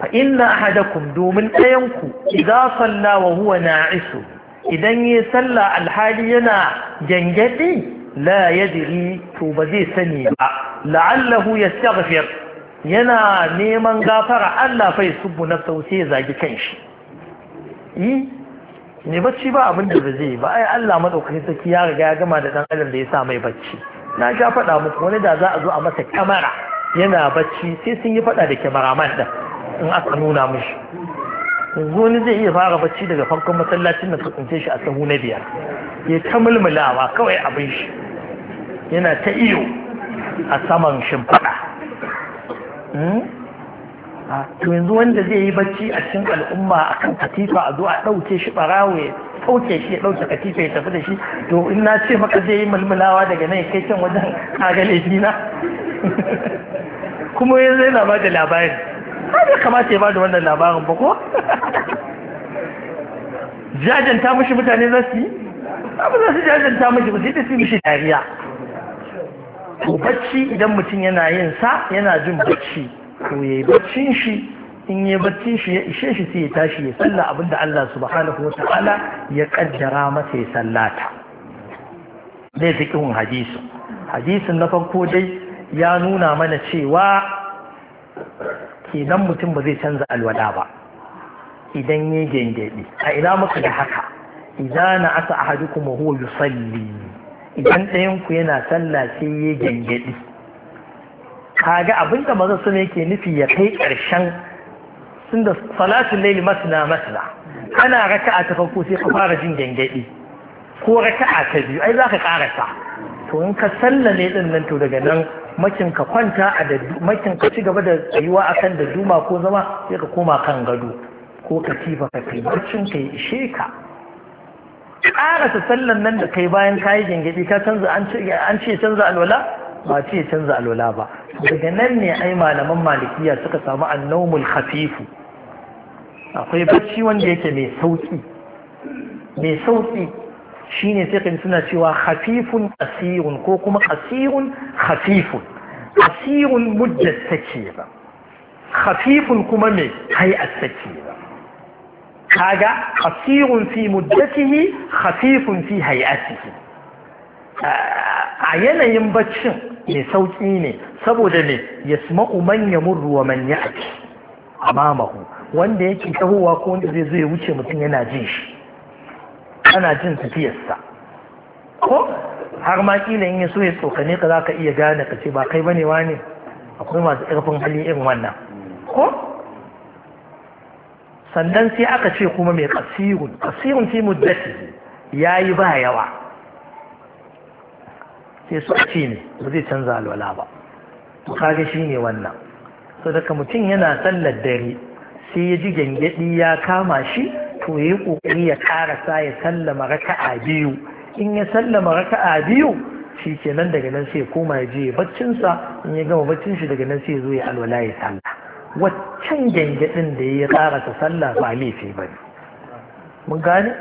fa inna ahadakum domin ɗayanku idza salla wa huwa na'isu idan yi salla alhali yana gyangyaɗi la yadri to ba zai sani ba la'allahu yastaghfir yana neman gafara Allah fa yasubbu nafsahu sai ya zagi kanshi ne bacci ba abin da ba zai ba ai Allah madaukakin saki ya riga ya gama da dan adam da ya sa mai bacci na sha faɗa muku wani da za a zo a masa kyamara yana bacci sai sun yi faɗa da kyamaraman ɗin in aka nuna mishi yanzu wani zai iya fara bacci daga farkon masallacin na tsakunce shi a sahu na biyar ya ta mulmulawa kawai abin shi yana ta iyo a saman shimfiɗa hmm? to yanzu wanda zai yi bacci a cikin al'umma a kan katifa a zo a ɗauke shi ɓarawo ya ɗauke shi ya ɗauke katifa ya tafi da shi to in na ce maka zai yi mulmulawa daga nan kai can wajen kaga na *laughs* kuma yanzu yana ba da labari bai kamata ya ba da wannan labarin ba ko jajanta mashi mutane za su yi abu za su jajanta mashi musu da su mushi dariya to bacci idan mutum yana yin sa yana jin bacci to ya yi baccin shi in yi baccin shi ya ishe shi sai ya tashi ya salla da Allah subhanahu wa ta'ala ya kaddara masa ya sallata zai fi kihun hadisu hadisin na farko dai ya nuna mana cewa idan mutum ba zai canza alwala ba idan ya gengedi a ina muka da haka idan na asa a haɗu kuma huwa salli idan ɗayan ku yana sallah sai ya gengedi kaga abin da maza su yake nufi ya kai ƙarshen sun da salatul laili masina masna kana raka'a ta farko sai ka fara jin gengedi ko raka'a ta biyu ai za ka ƙarasa? to in ka ne ɗin nan to daga nan makin ka kwanta a daddu makin ka ci gaba da tsayuwa akan da duma ko zama sai ka koma kan gado ko katifa ka kai barcin ka ishe ka ƙarasa sallan nan da kai bayan kayi gingiɗi ka canza an ce canza alwala ba ce canza alwala ba daga nan ne ai malaman malikiya suka samu annaumul khafifu akwai bacci wanda yake mai sauki mai sauki Shi ne sai kan suna cewa khafifun asirun ko kuma asirun khafifun asirun muddat take ba khafifun kuma me hay'at take ba kaga asirun fi muddatihi khafifun fi hay'atihi a yanayin baccin mai sauƙi ne saboda ne yasma'u manya yamurru wa manya a amamahu wanda yake tahowa ko wanda zai zo ya wuce mutum yana jin shi ana jin tafiyarsa ko har ma kila in ya so ya tsokane ka za ka iya gane ka ce ba kai bane wane akwai masu ƙarfin hali irin wannan ko sandan sai aka ce kuma mai kasirun kasirun fi muddati ya yi ba yawa sai su a ce ne ba zai canza alwala ba to kage shi ne wannan so daga mutum yana sallar dare sai ya ji gyangyaɗi ya kama shi to yi ƙoƙari ya ƙarasa ya sallama raka'a biyu in ya sallama raka'a biyu shi kenan daga nan sai koma ya je baccinsa in ya gama baccin shi daga nan sai zo ya alwala ya sallah waccan gyangyaɗin da ya ƙarasa sallah ba laifi ba ne mun gane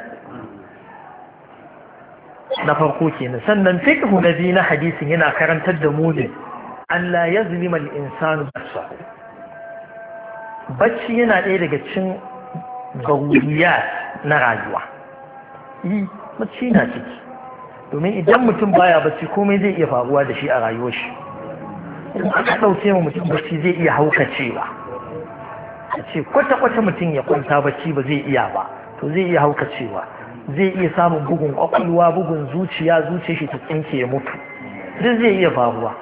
na farko kenan sannan fiqhu na biyu na hadisin yana karantar da mu ne Allah ya zulima al-insanu bacci yana ɗaya daga cikin zaruriya na rayuwa yi eh, mace na ciki domin idan mutum baya bacci komai zai iya faruwa da shi a rayuwar shi in aka ɗauke ma mutum bacci zai iya haukacewa a ce kwata-kwata mutum ya kwanta bacci ba zai iya ba to zai iya haukacewa zai iya samun bugun kwakwalwa bugun zuciya zuciya shi ta tsinke ya mutu duk zai iya faruwa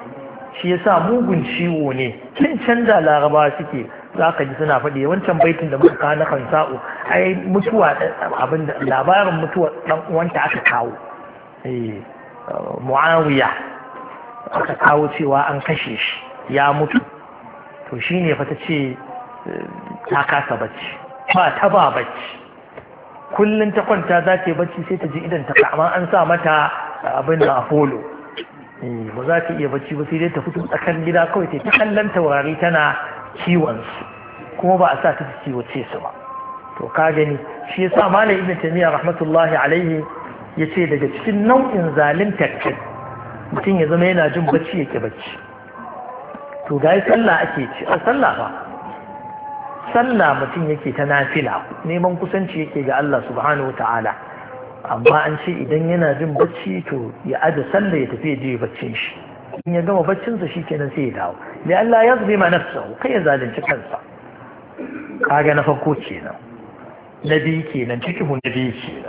shi yasa mugun ciwo ne kin canza laraba suke za ka ji suna faɗi wancan baitin da muka kawo na kansa'u ai mutuwa abin da labarin mutuwa ɗan uwanta aka kawo eh, mu'awiya aka kawo cewa an kashe shi ya mutu to shine fa ta ce eh, ta kasa bacci ba ta ba bacci kullum ta kwanta za ta yi bacci sai ta ji idan ta kama an sa mata abin da apollo eh, ba za ta iya bacci ba sai dai ta fito tsakan gida kawai ta kallon taurari tana kiwonsu kuma ba a sa ta kiwace su ba to ka gani shi yasa malam ibn taymiyyah rahmatullahi alaihi yace daga cikin nau'in zalunta kai mutum ya zama yana jin bacci yake bacci to ga sallah ake ci a sallah ba sallah mutum yake ta nafila neman kusanci yake ga Allah subhanahu wata'ala amma an ce idan yana jin bacci to ya aje sallah ya tafi ya je baccin shi in ya gama baccin sa shikenan sai ya dawo لئلا يظلم نفسه كي يزال انت كنسا اغا نفكو تشينا نبي كينا نتكه نبي كينا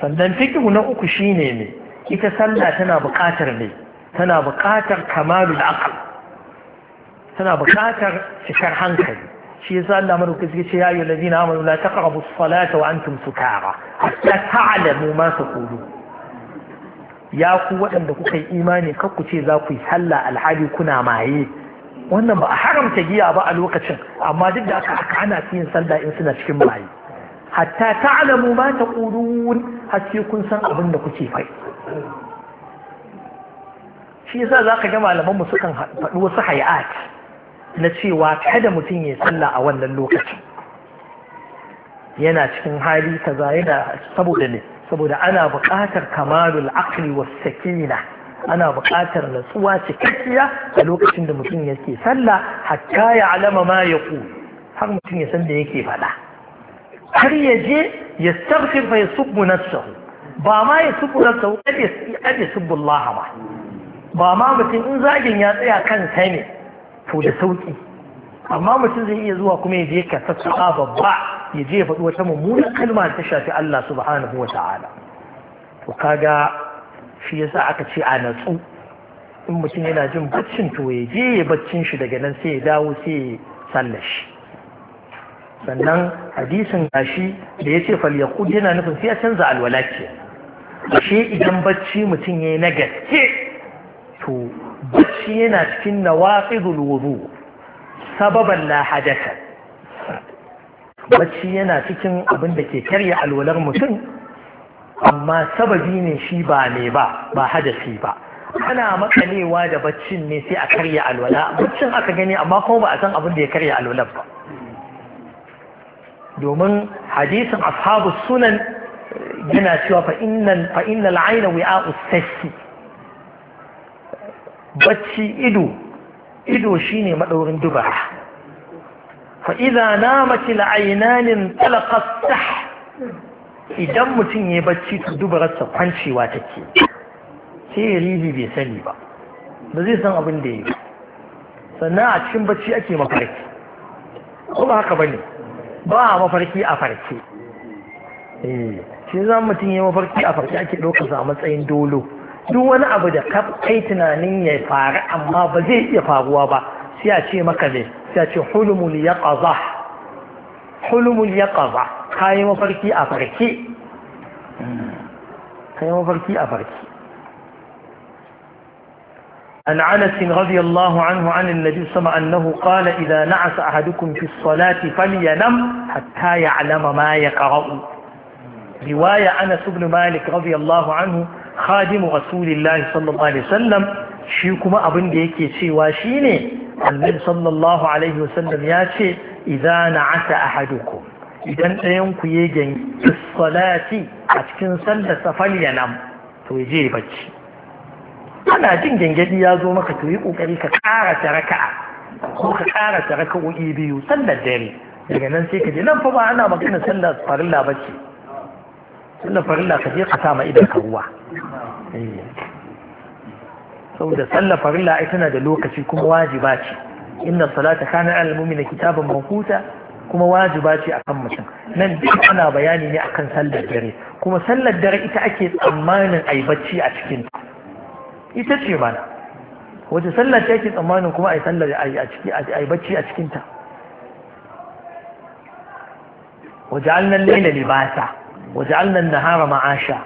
فلن فكه نوكو شيني مي يتسلى تنا بقاتر مي تنا بقاتر كمال العقل تنا بقاتر شكر حنكي شي يزال لامنو كذلك يا أيها الذين آمنوا لا تقربوا الصلاة وأنتم سكارى حتى تعلموا ما تقولون ya ku waɗanda kuka yi imani kar ku ce za ku yi sallah alhali kuna maye wannan ba a haramta giya ba a lokacin amma duk da aka ana yin sallah in suna cikin maye hatta ta'lamu ma taqulun haske kun san abin da kuke fai shi yasa zaka ga malaman mu sukan faɗi wasu hay'at na cewa kada mutum ya sallah a wannan lokacin yana cikin hali kaza yana saboda ne saboda ana buƙatar kamalul akli was sakina ana buƙatar natsuwa cikakkiya a lokacin da mutum yake sallah hatta ya alama ma ya ku har mutum ya san da yake faɗa har ya je ya staghfir fa yasubbu nafsahu ba ma ya subbu nafsahu kad kad Allah ba ba ma mutum in zagin ya tsaya kan sai ne to da sauki amma mutum zai iya zuwa kuma ya je ka sassa babba ya je ya faɗi wata mummunan kalma ta shafi Allah subhanahu wa ta'ala to kaga shi yasa aka ce a natsu in mutum yana jin baccin to ya je ya baccin shi daga nan sai ya dawo sai ya sallashi. shi sannan hadisin gashi da ya ce falyaqud yana nufin sai ya canza alwalaki. shi idan bacci mutum ya yi na gaske to bacci yana cikin nawaqidul wudu sababan la hadatha bacci yana cikin abin da ke karya alwalar mutum amma sababi ne shi ba ne ba ba hadasi ba ana makalewa da baccin ne sai a karya alwala baccin aka gani amma kuma ba a san abin da ya karya alwalar ba domin hadisin ashabu sunan yana cewa fa innal aina wi'a'u sashi bacci ido ido shine madaurin dubara fa'iza na mace la'ainanin talakasta idan mutum ya bacci su dubararsa kwancewa take sai ya rili bai sani ba ba zai san abin da ya yi sannan a cikin bacci ake mafarki ko ba haka ba ne ba a mafarki a farke shi za mutum ya mafarki a farke ake ɗaukarsa a matsayin dolo duk wani abu da kai tunanin ya faru amma ba zai iya faruwa ba sai a ce maka ne تاتي حلم اليقظة حلم اليقظة خاي مفركي أفركي خاي مفركي أفركي عن انس رضي الله عنه عن النبي صلى الله عليه وسلم أنه قال إذا نعس أحدكم في الصلاة فلينم حتى يعلم ما يقرأ رواية أنس بن مالك رضي الله عنه خادم رسول الله صلى الله عليه وسلم shi أبن ديكي da annabi sallallahu alaihi wasallam ya ce idza na'ata ahadukum idan ɗayan ku ya gani salati a cikin sallar safal ya nam to ya je bacci ana jin gangadi ya zo maka to yi kokari ka ƙara ta raka'a ko ka ƙara ta raka'o'i biyu sallar dare daga nan sai ka je nan fa ba ana magana sallar farilla bacci sallar farilla ka je ka sama idan ka ruwa eh. saboda sallar farilla ai tana da lokaci kuma wajiba ce inna salata kana alal mu'mina kitaban mawquta kuma wajiba ce akan mutum nan duk ana bayani ne akan sallar dare kuma sallar dare ita ake tsammanin ai bacci a cikin ita ce mana wace sallar ce ake tsammanin kuma ai sallar ai bacci a cikin ta waja'alna al-layla libasa waja'alna an-nahara ma'asha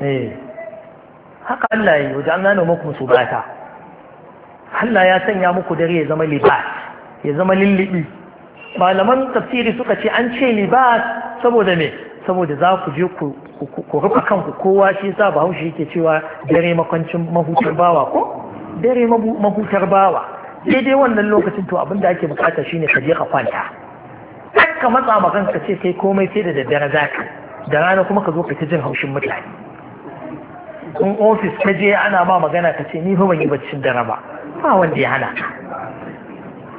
eh haka Allah ya yi wajen nana muku su bata Allah ya sanya muku dare ya zama libas ya zama lilliɓi malaman tafsiri suka ce an ce libas saboda me saboda za ku je ku rufe kanku kowa shi sa bahaushe yake cewa dare makwancin mahutar bawa ko dare mahutar bawa daidai wannan lokacin to abin da ake bukata shine ka je ka kwanta ka matsa ma kanka ce kai komai sai da daddare zaka da rana kuma ka zo ka ta jin haushin mutane in ofis ka je ana ma magana ka ce ni fa ban yi baccin dare ba ba wanda ya hana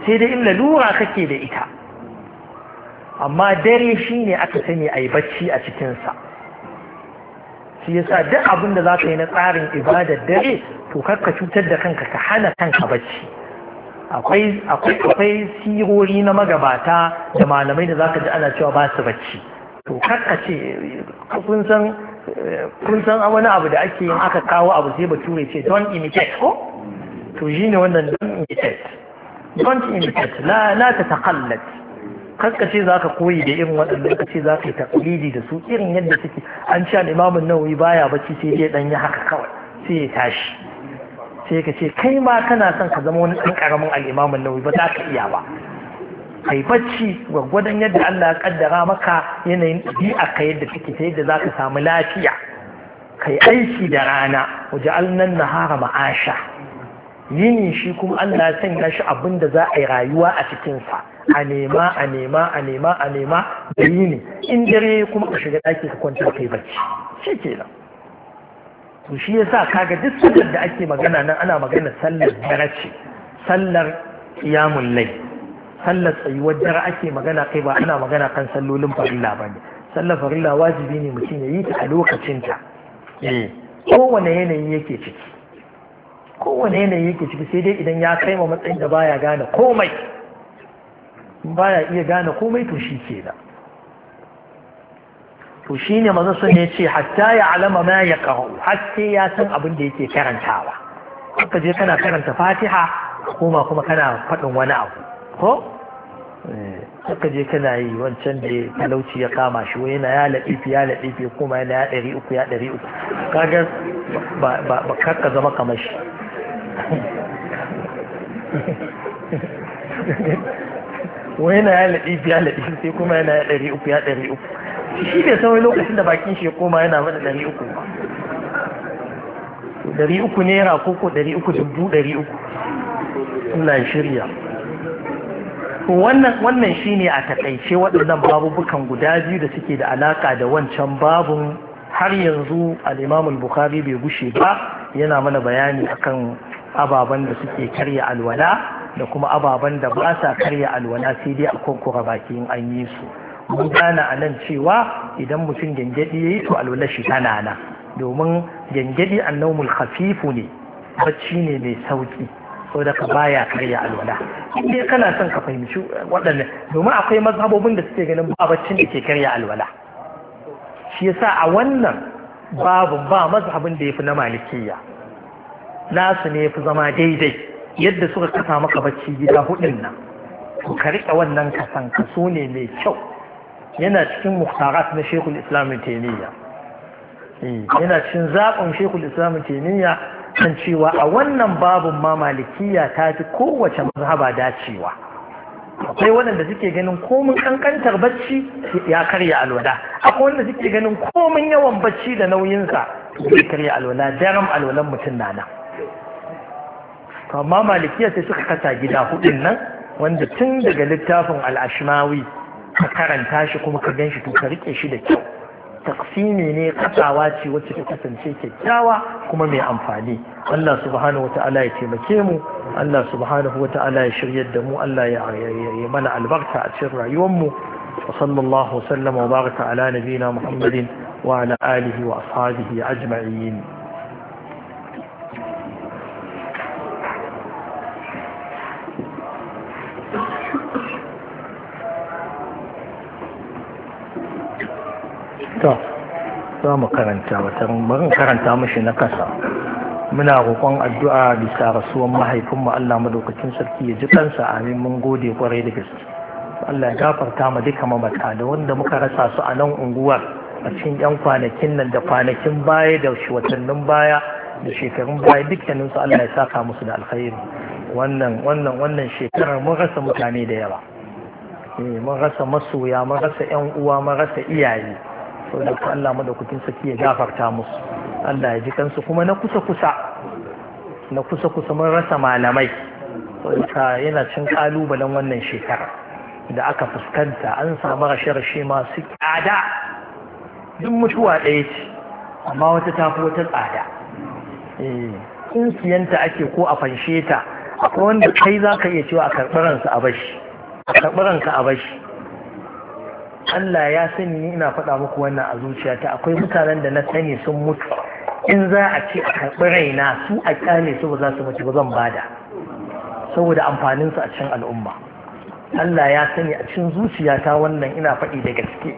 sai dai in lalura kake da ita amma dare shine ne aka sani a yi bacci a cikinsa shi yasa duk abin da za yi na tsarin ibadar dare to karka cutar da kanka ka hana kanka bacci akwai sirori na magabata da malamai da zaka ji ana cewa ba su bacci to karka ce kun san kun san wani abu da ake yin aka kawo abu sai ba ture ce don imitate ko to shi ne wannan don imitate don imitate la ta takallat kanka ce zaka koyi da irin waɗanda ka ce zaka yi taklidi da su irin yadda suke an ci an imamun nawawi baya bacci sai dai dan ya haka kawai sai ya tashi sai ka ce kai ma kana son ka zama wani ɗan ƙaramin al'imamin nawawi ba za ka iya ba kai bacci gwaggwadon yadda Allah ya kaddara maka yanayin ɗabi'a ka yadda kake ta yadda za ka samu lafiya kai aiki da rana waje alnan nahara ma'asha yini shi kuma Allah ya sanya shi abin da za a yi rayuwa a cikinsa a nema a nema a nema a nema da yini in dare kuma ka shiga daki ka kwanta kai bacci shi nan to shi yasa kaga duk sallar da ake magana nan ana magana sallar dare ce sallar qiyamul layl sallar tsayuwar dare ake magana kai ba ana magana kan sallolin farilla ba ne sallar farilla wajibi ne mutum ya yi ta a lokacinta eh. kowane yanayi yake ciki kowane yanayi yake ciki sai dai idan ya kai ma matsayin da baya gane komai baya iya gane komai to shi ke da to shi ne maza sun ne ce hatta ya alama ma ya ƙaho hatta ya san abin da yake karantawa kuma je kana karanta fatiha koma kuma kana faɗin wani abu ko suka eh, je kana yi wancan da talauci ya kama shi wai yana ya laɗifi ya laɗifi kuma yana ya ɗari uku ya ɗari uku kaga ba kakka zama kamar shi *laughs* wai yana ya laɗifi ya laɗifi sai kuma yana ya ɗari uku ya ɗari uku shi bai san wani lokacin da bakin shi ya koma yana mana ɗari uku ba ɗari uku naira ko ko ɗari uku dubu ɗari uku Allah ya shirya wannan wannan shine a takaice waɗannan babubukan guda biyu da suke da alaƙa da wancan babun har yanzu al-Imam al-Bukhari bai gushe ba yana mana bayani akan ababan da suke karya alwala da kuma ababan da ba sa karya alwala sai dai a kurkura bakin an yi su mun gane a nan cewa idan mutum gyangyaɗi ya yi to alwala shi tana nan domin gyangyaɗi annaumul khafifu ne bacci ne mai sauki sau baya karya alwala inda kana son ka fahimci waɗannan domin akwai mazhabobin da suke ganin baccin da ke karya alwala shi yasa a wannan babu ba mazhabin da ya fi na malikiyya nasu ne yafi zama daidai yadda suka kasa maka bacci gida hudun nan ka riƙe wannan kasan kaso ne mai kyau yana cikin muhtarat na shekul islamin teniya. Eh, yana cikin zaɓin shekul islamin kan cewa a wannan babun ma malikiya ta fi kowace mazhaba dacewa akwai waɗanda suke ganin komin kankantar bacci ya karya alwala akwai wanda suke ganin komin yawan bacci da nauyinsa ya karya alwala daram alwalan mutum na nan amma malikiya sai suka kasa gida hudun nan wanda tun daga littafin al'ashmawi ka karanta shi kuma ka gan shi to ka rike shi da kyau taksimi ne kasawa ce wacce ta kasance kyakkyawa kuma mai amfani Allah subhanahu wa ta'ala ya taimake mu Allah subhanahu wa ta'ala ya shiryar da mu Allah ya mana albarka a cikin rayuwar mu wa sallallahu wa sallama wa baraka ala nabiyina Muhammadin wa ala alihi wa ashabihi ajma'in to za mu karanta wata barin karanta mashi na kasa muna roƙon addu'a bisa rasuwan mahaifinmu Allah madaukakin sarki ya ji kansa amin mun gode kwarai da gaske Allah ya gafarta mu duka mamata da wanda muka rasa su a nan unguwar a cikin yan kwanakin nan da kwanakin baya da watannin baya da shekarun baya dukkanin su Allah ya saka musu da alkhairi wannan wannan wannan shekarar mun rasa mutane da yawa eh, mun rasa masoya mun rasa yan uwa mun rasa iyaye sau da Allah madaukakin saki ya gafarta musu Allah ya ji kansu kuma na kusa kusa na kusa kusa mun rasa malamai saboda yana cin kalubalen wannan shekara da aka fuskanta an samu rashe-rashe masu tsada duk mutuwa ɗaya ce amma wata tafi wata tsada eh, in siyanta ake ko a fanshe ta akwai wanda kai za ka iya cewa a karɓaransa a bashi a karɓaranka a bashi Allah ya sani ni ina faɗa muku wannan a zuciyata akwai mutanen da na sani sun mutu in za a ce a karɓi raina su a kyale su ba za su mutu ba zan bada saboda amfanin su a cikin al'umma Allah ya sani a cikin zuciyata wannan ina faɗi da gaske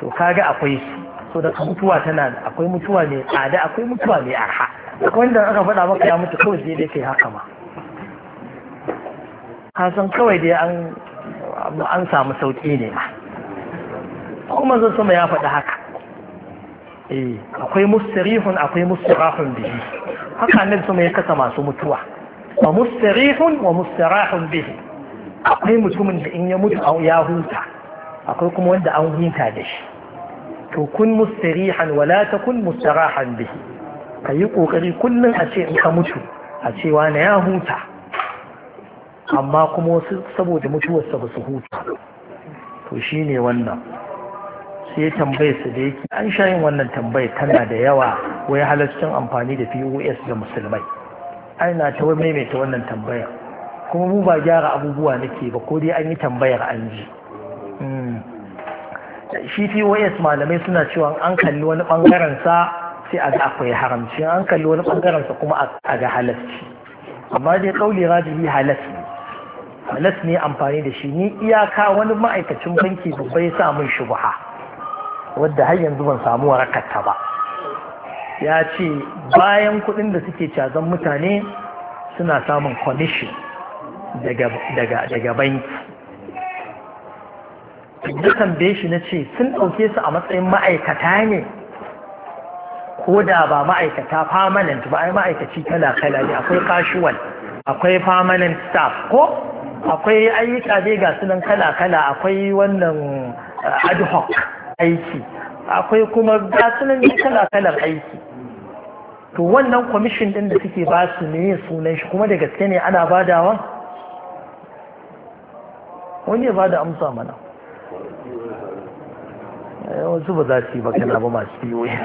to kaga akwai su so da mutuwa tana akwai mutuwa ne tsada akwai mutuwa ne arha akwai wanda aka faɗa maka ya mutu kawai sai dai kai haka ma ka san kawai dai an an samu sauƙi ne ma kuma zan sama ya faɗi haka eh akwai mustarihun akwai mustarahun bihi haka annabi sama ya kasa masu mutuwa wa mustarihun wa mustarahun bihi akwai mutumin da in ya mutu ya huta akwai kuma wanda an huta da shi to kun mustarihan wala ta kun mustarahan bihi kayi kokari kullun a ce in ka mutu a cewa na ya huta amma kuma wasu saboda mutuwarsa ba su huta to shi ne wannan sai ya tambaye su da yake an sha yin wannan tambayar tana da yawa wai halaccin amfani da pos ga musulmai ana ta maimaita wannan tambayar kuma mu ba gyara abubuwa nake ba ko dai an yi tambayar an ji hmm. shi pos malamai suna cewa an kalli wani bangaren sa sai a ga akwai haramci an kalli wani bangaren sa kuma a ga halarci amma dai kauli rajibi halarci anas ne amfani da shi ni iyaka wani ma'aikacin banki babba ya sa min shubha wadda har yanzu ban samu ta ba ya ce bayan kuɗin da suke cazan mutane suna samun commission daga banki da tambaye shi na ce sun ɗauke su a matsayin ma'aikata ne ko da ba ma'aikata permanent ba ai ma'aikaci kala kala ne akwai kashuwal, akwai permanent staff ko akwai ayyuka dai ga su nan kala-kala akwai wannan uh, ad hoc aiki akwai kuma ga kala-kalan aiki to wannan kwamishin din da suke ba su ne sunan shi kuma da gaske ne ana badawa wani ya bada amsa mana eh, wasu ba za su yi bakana ba masu yi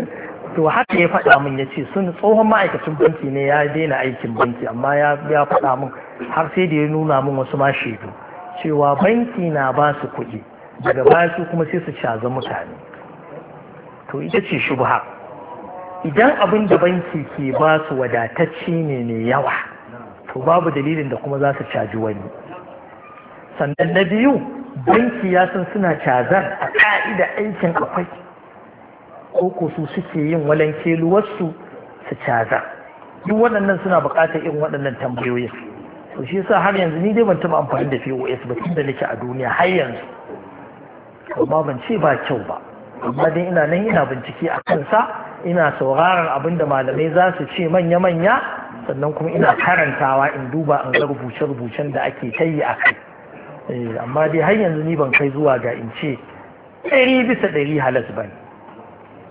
*laughs* to haka ya faɗa min ya ce sun tsohon ma'aikacin banki ne ya daina aikin banki amma ya faɗa min har sai da ya nuna min wasu ma shaidu cewa banki na ba su kuɗi daga baya su kuma sai su caza mutane to ita ce shubha idan abin da banki ke ba su wadatacce ne mai yawa to babu dalilin da kuma za su caji wani sannan na biyu banki ya san suna cazar a ka'ida aikin akwai koko su suke yin walanke luwarsu su caza duk waɗannan suna buƙatar irin waɗannan tambayoyin to shi yasa har yanzu ni dai ban taɓa amfani da POS ba tun da nake a duniya har yanzu amma ban ce ba kyau ba amma dai ina nan ina bincike a kansa ina sauraron abin da malamai za su ce manya-manya sannan kuma ina karantawa in duba in ga rubuce-rubucen da ake ta yi a kai eh, amma dai har yanzu ni ban kai zuwa ga in ce ɗari bisa ɗari halas ba ne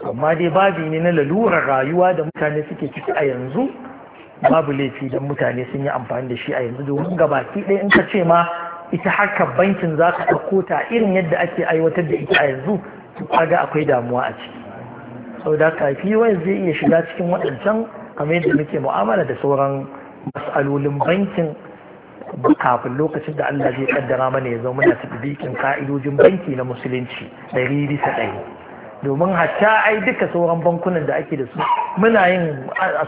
amma dai babu ne na lalurar rayuwa da mutane suke ciki a yanzu babu laifi don mutane sun yi amfani da shi a yanzu domin gabaki ɗaya in ka ce ma ita harkar bankin za ka ɗauko ta irin yadda ake aiwatar da ita a yanzu kaga akwai damuwa a ciki da kafi wani zai iya shiga cikin waɗancan kamar yadda muke mu'amala da sauran matsalolin bankin kafin lokacin da Allah zai kaddara mana ya zama muna tafi bikin ka'idojin banki na musulunci ɗari bisa ɗari domin hatta ai duka sauran bankunan da ake da su muna yin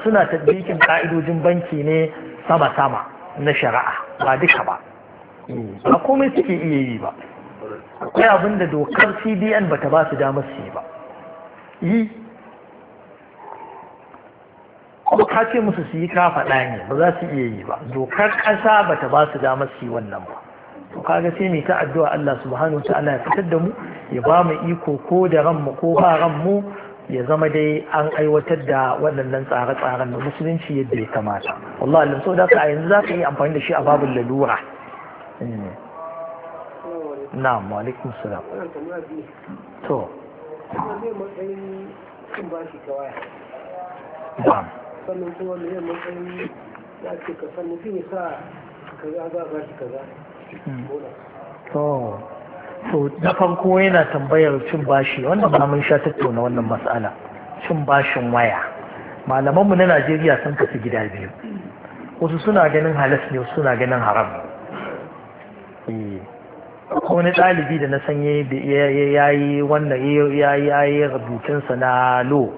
suna tabbikin ka'idojin banki ne sama-sama na shari'a ba duka ba ba komai suke iya yi ba akwai abin da dokar cbn ba ta ba su damar su yi ba yi ko ka ce musu su yi kafa ne ba za su iya yi ba dokar ƙasa ba ta ba su damar su yi wannan ba to kaga sai mai ta addu'a Allah subhanahu wa ta'ala ya fitar da mu ya ba mu iko ko da ranmu ko ba ranmu ya zama dai an aiwatar da waɗannan tsare-tsaren da musulunci yadda ya kamata wallah alim so da ka a yanzu za ka yi amfani da shi a babin lalura eh. na'am wa alaikum salam to hmm. to so na farko yana tambayar cin bashi wannan ba mun sha tattauna wannan mas'ala cin bashin waya malamanmu na najeriya sun kasu gida biyu wasu suna ganin halas ne wasu suna ganin haram wani ɗalibi da na sanye ya yi wannan ya yi rubutunsa na lo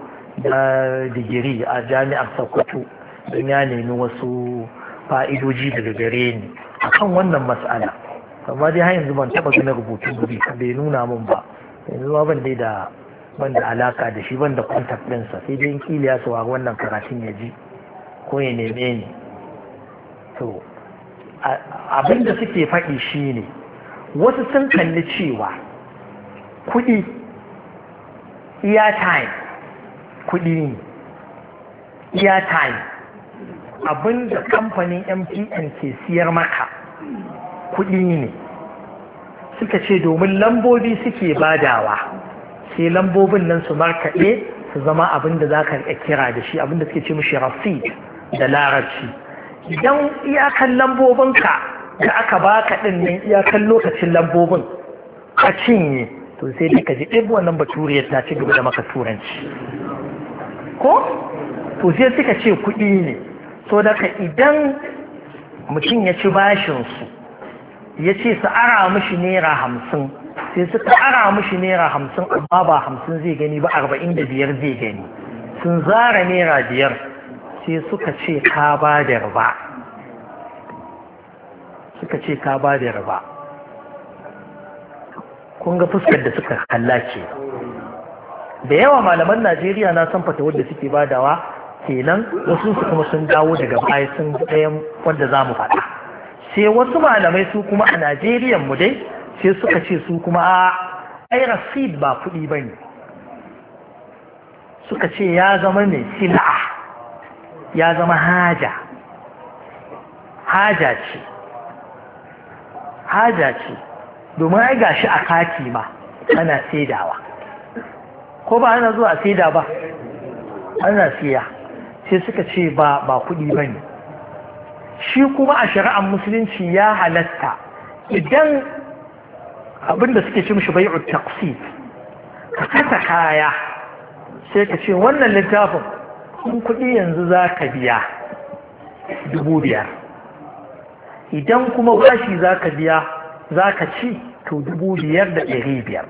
na digiri a jami'ar sokoto don ya nemi wasu fa'idoji daga gare ni akan wannan mas'ala amma dai har yanzu ban taba gina rubutun guri bai nuna min ba yanzu ma ban dai da ban da alaka da shi ban da contact ɗinsa sai dai kila ya sawa wannan karatun ya ji ko ya neme ni to abin da suke faɗi shi ne wasu sun kalli cewa kuɗi iya time kuɗi ne iya time abin da kamfanin mtn ke siyar maka kuɗi ne suka ce domin lambobi suke badawa sai lambobin nan su markaɗe su zama abin da za ka kira da shi abin da suke ce mishi rasid da larabci idan iyakan lambobinka da aka baka ɗin nan iyakan lokacin lambobin ka cinye to sai dai ka ji ɗin wannan baturiyar ta ci gaba da maka turanci ko to sai suka ce kuɗi ne so daga idan mutum ya ci bashinsu ya ce su ara mishi naira hamsin sai suka ara mishi naira hamsin amma ba hamsin zai gani ba arba'in da biyar zai gani sun zara naira biyar sai suka ce ka ba da riba suka ce ka ba da riba kun ga fuskar da suka kalla ce da yawa malaman najeriya na san fata wadda suke badawa kenan wasu su kuma sun dawo daga baya sun ɗayan wanda za mu faɗa sai wasu malamai su kuma a Najeriya mu dai sai suka ce su kuma a ai rasid ba kuɗi ba ne suka ce ya zama mai sila'a ya zama haja haja ce haja ce domin ai gashi a kati ma ana saidawa ko ba ana zuwa saida ba ana siya sai suka ce ba kuɗi ba ne shi kuma a shari'ar musulunci ya halatta idan abinda suke cin shi bai'u taqsid ka kasa kaya sai ka ce wannan littafin kun kuɗi yanzu za ka biya dubu biyar idan kuma bashi za ka biya za ka ci to dubu biyar da ɗari biyar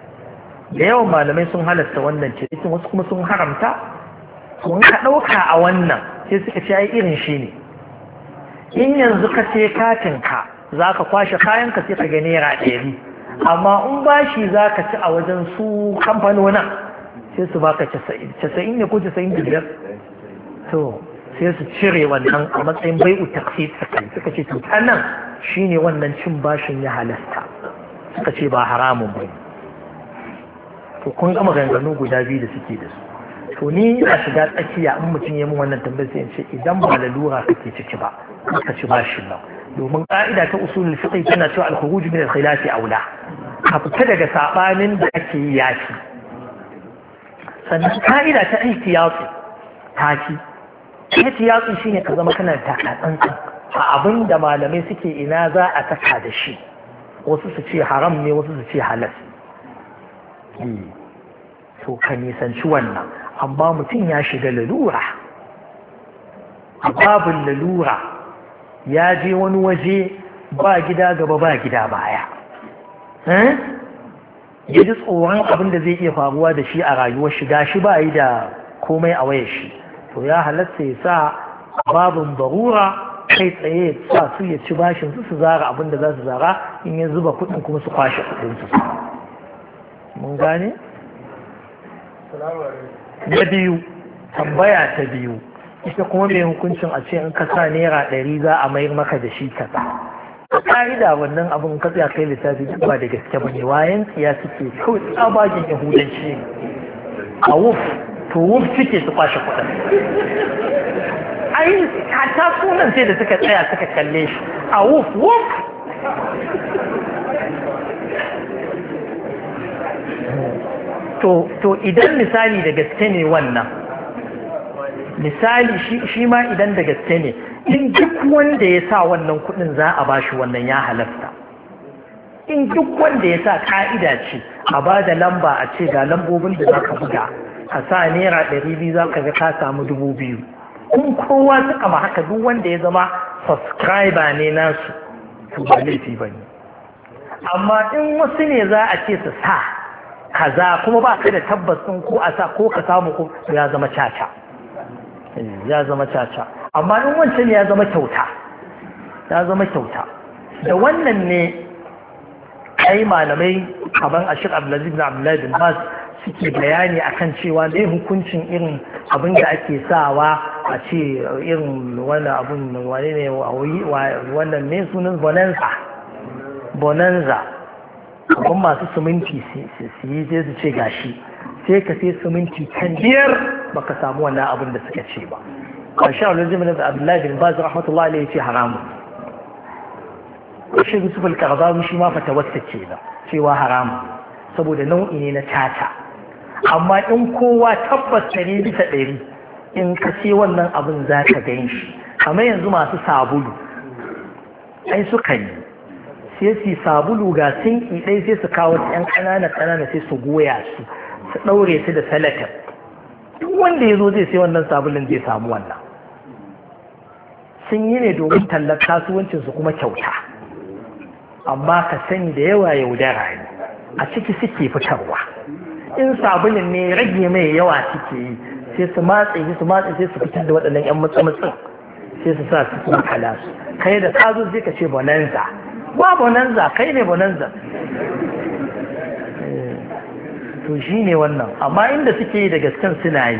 da yawan malamai sun halasta wannan cikin wasu kuma sun haramta sun ka ɗauka a wannan sai suka ce ai irin shi ne in yanzu ka ce ka za ka kwashe kayanka sai ka ga naira ɗari amma in bashi za ka ci a wajen su kamfanonin sai su baka casa'in ne ko casa'in da biyar to sai su cire wannan a matsayin bai utaksi suka ce tuta nan shi ne wannan cin bashin ya halasta suka ce ba haramun bai to kun ga maganganu guda biyu da suke da su to ni ina shiga tsakiya in mutum ya mun wannan tambayar sai in ce idan ba lalura kake ciki ba ka ci bashin nan domin ka'ida ta usulul fiqh tana cewa al-khuruj min al-khilaf aula ka fita daga sabanin da ake yi yaki sannan ka'ida ta ihtiyatu taki ihtiyatu shine ka zama kana takatsantsan a abin da malamai suke ina za a saka da shi wasu su ce haram ne wasu su ce halal eh, to ka nisanci wannan amma mutum ya shiga lalura a babin lalura ya je wani waje ba gida gaba ba gida baya eh? ya ji tsoron abin da zai iya faruwa da shi a rayuwar shiga shi ba yi da komai a wayar shi to ya halatta ya sa babin barura kai tsaye ya su ya ci bashin su su zara abin da za su zara in ya zuba kuɗin kuma su kwashe kudin su mun gane? Salamu alaikum. na biyu tambaya ta biyu ita kuma mai hukuncin a ce in ka sa naira ɗari za a mayar maka da shi ka a da wannan abin ka tsaya kai littafi duk ba da gaske ba ne wayan tsiya suke kawai tsabagen yahudanci a wuf to wuf suke su kwashe kuɗin yi ta sunan sai da suka tsaya suka kalle shi a wuf wuf to idan misali da gaske ne wannan misali shi ma idan da gaske ne in duk wanda ya sa wannan kudin za a bashi wannan ya halasta in duk wanda ya sa ka'ida ce a ba da lamba a ce ga lambobin da za ka buga a sa naira ɗari biyu za ka ga ka samu dubu biyu in kowa suka ma haka duk wanda ya zama subscriber ne nasu to ba laifi ba ne amma in wasu ne za a ce su sa kaza kuma ba ka da tabbas ɗin ko a sa ko ka samu ko ya zama caca ya zama caca amma in wancan ya zama kyauta ya zama kyauta da wannan ne ai malamai kaman ashir abdulaziz bin abdullahi bin bas suke bayani akan cewa ne hukuncin irin abin da ake sawa a ce irin wannan abin wani ne wannan ne sunan bonanza bonanza abin masu suminti su yi sai su ce gashi sai ka sai suminti kan biyar baka samu wannan abin da suka ce ba ƙarshe a lulluzi min abdullahi bin baz rahmatullah alaihi ce haramu shi yusuf al-qardawi shi ma fata fatawarsa ce da cewa haramu saboda nau'i ne na tata amma in kowa tabbas ɗari bisa ɗari in ka ce wannan abin za ka gan shi kamar yanzu masu sabulu ai suka yi sai su sabulu ga sinki ɗai sai su kawo ɗan ‘yan ƙanana ƙanana sai su goya su su ɗaure su da salatin duk wanda ya zo zai sai wannan sabulun zai samu wannan sun yi ne domin tallar kasuwancin su kuma kyauta amma ka sani da yawa yaudara ne a ciki suke fitarwa in sabulun ne rage mai yawa suke yi sai su matse su matse sai su fitar da waɗannan ‘yan matsamatsin sai su sa su kuma kala su kai da kazo zai ka ce bonanza ba bonanza kai ne bonanza eh, to shi ne wannan amma inda suke yi da gasken suna yi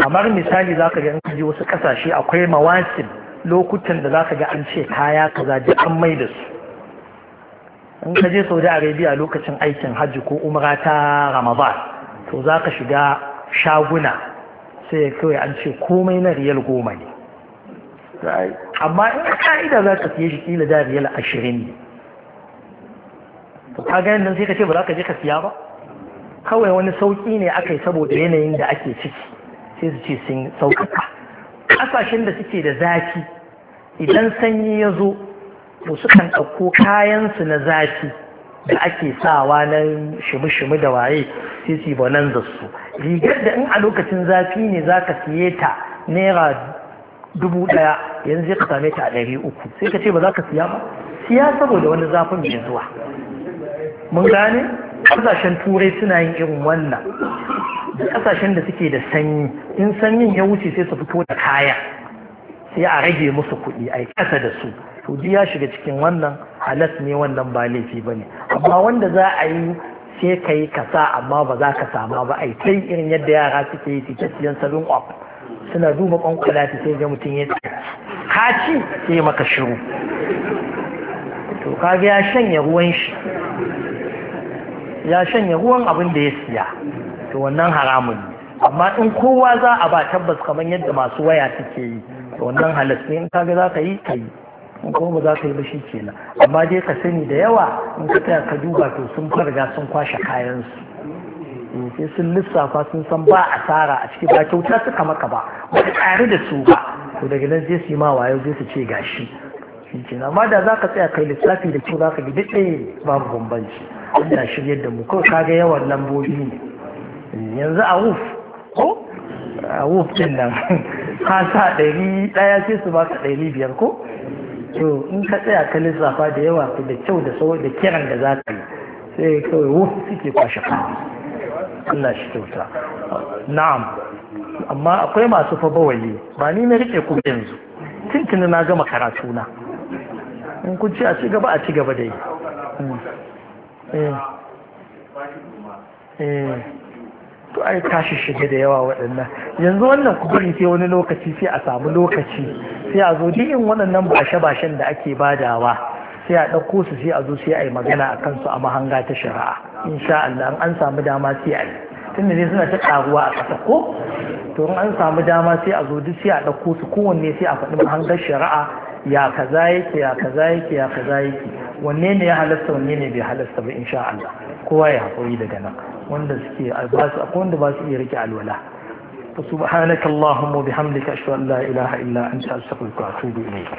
kamar misali za ka ga in kaji wasu kasashe akwai mawasin lokutan da za ka ga an ce kaya kaza da an mai da su in ka je saudi arabia lokacin aikin hajji ko umra ta ramadan to za ka shiga shaguna sai kawai an ce komai na riyal goma ne amma in ka'ida za ka siye shi kila da riyal ashirin ne to ka ga nan sai ka ce ba za ka je ka siya ba kawai wani sauki ne aka yi saboda yanayin da ake ciki sai su ce sun sauƙaƙa ƙasashen da suke da zafi idan sanyi ya zo to kan ɗauko kayansu na zafi da ake sawa na shimu-shimu da waye sai su yi bonanzar su rigar da in a lokacin zafi ne za ka siye ta naira dubu ɗaya yanzu ya same ta a ɗari uku sai ka ce ba za ka siya ba siya saboda wani zafin mai zuwa mun gane ƙasashen turai suna yin irin wannan da ƙasashen da suke da sanyi in sanyin ya wuce sai su fito da kaya sai a rage musu kuɗi a ƙasa da su to ya shiga cikin wannan halas ne wannan ba laifi ba ne amma wanda za a yi ce ka yi kasa amma ba za ka sama ba ai sai irin yadda yara suke yi suke siyan salon op suna duba kwankwala ta sai ga mutum ya ci sai maka shiru to kaga ya shanya ruwan shi ya shanya ruwan abin da ya siya to wannan haramun amma in kowa za a ba tabbas kamar yadda masu waya suke yi to wannan halas in kaga za ka yi ka yi in ba za ka yi ba shi kenan amma dai ka sani da yawa in ka tsaya ka duba to sun farga sun kwashe kayansu eh, sai sun lissafa sun san ba asara a cikin ba kyauta suka maka ba ba ka tsari da su ba to daga nan zai su yi ma wayo zai su ce gashi shi amma da za ka tsaya kai lissafi da kyau za ka gidi ɗaya babu bambanci da shirya da mu kawai kaga yawan lambobi ne eh, yanzu a wuf ko a wuf din nan *laughs* ka sa ɗari ɗaya sai su baka ɗari biyar ko to in ka tsaya ka lissafa da yawa da kyau da sau da kiran da za ka yi sai kawai wuf suke kwashe kwanu Allah shi kyauta na'am amma akwai masu fa bawali ba ni na rike ku yanzu tuntuni na gama karatu na in kun ci a ci gaba a ci gaba da yi hmm. eh eh to ai tashi shige da yawa waɗannan yanzu wannan kubari sai wani lokaci sai a samu lokaci sai a zo duk waɗannan bashe-bashen da ake badawa sai a ɗauko su sai a zo sai a yi magana a kansu a mahanga ta shari'a insha Allah an samu dama sai a yi tunda dai suna ta ƙaruwa a ƙasa ko to in an samu dama sai a zo duk sai a ɗauko su kowanne sai a faɗi mahangar shari'a ya kaza yake ya kaza yake ya kaza yake wanne ne ya halasta wanne ne bai halasta ba insha Allah kowa ya haƙuri daga nan wanda suke ba a akwai wanda ba su iya rike alwala subhanakallahumma bihamdika ashhadu an la ilaha illa anta astaghfiruka wa atubu ilayk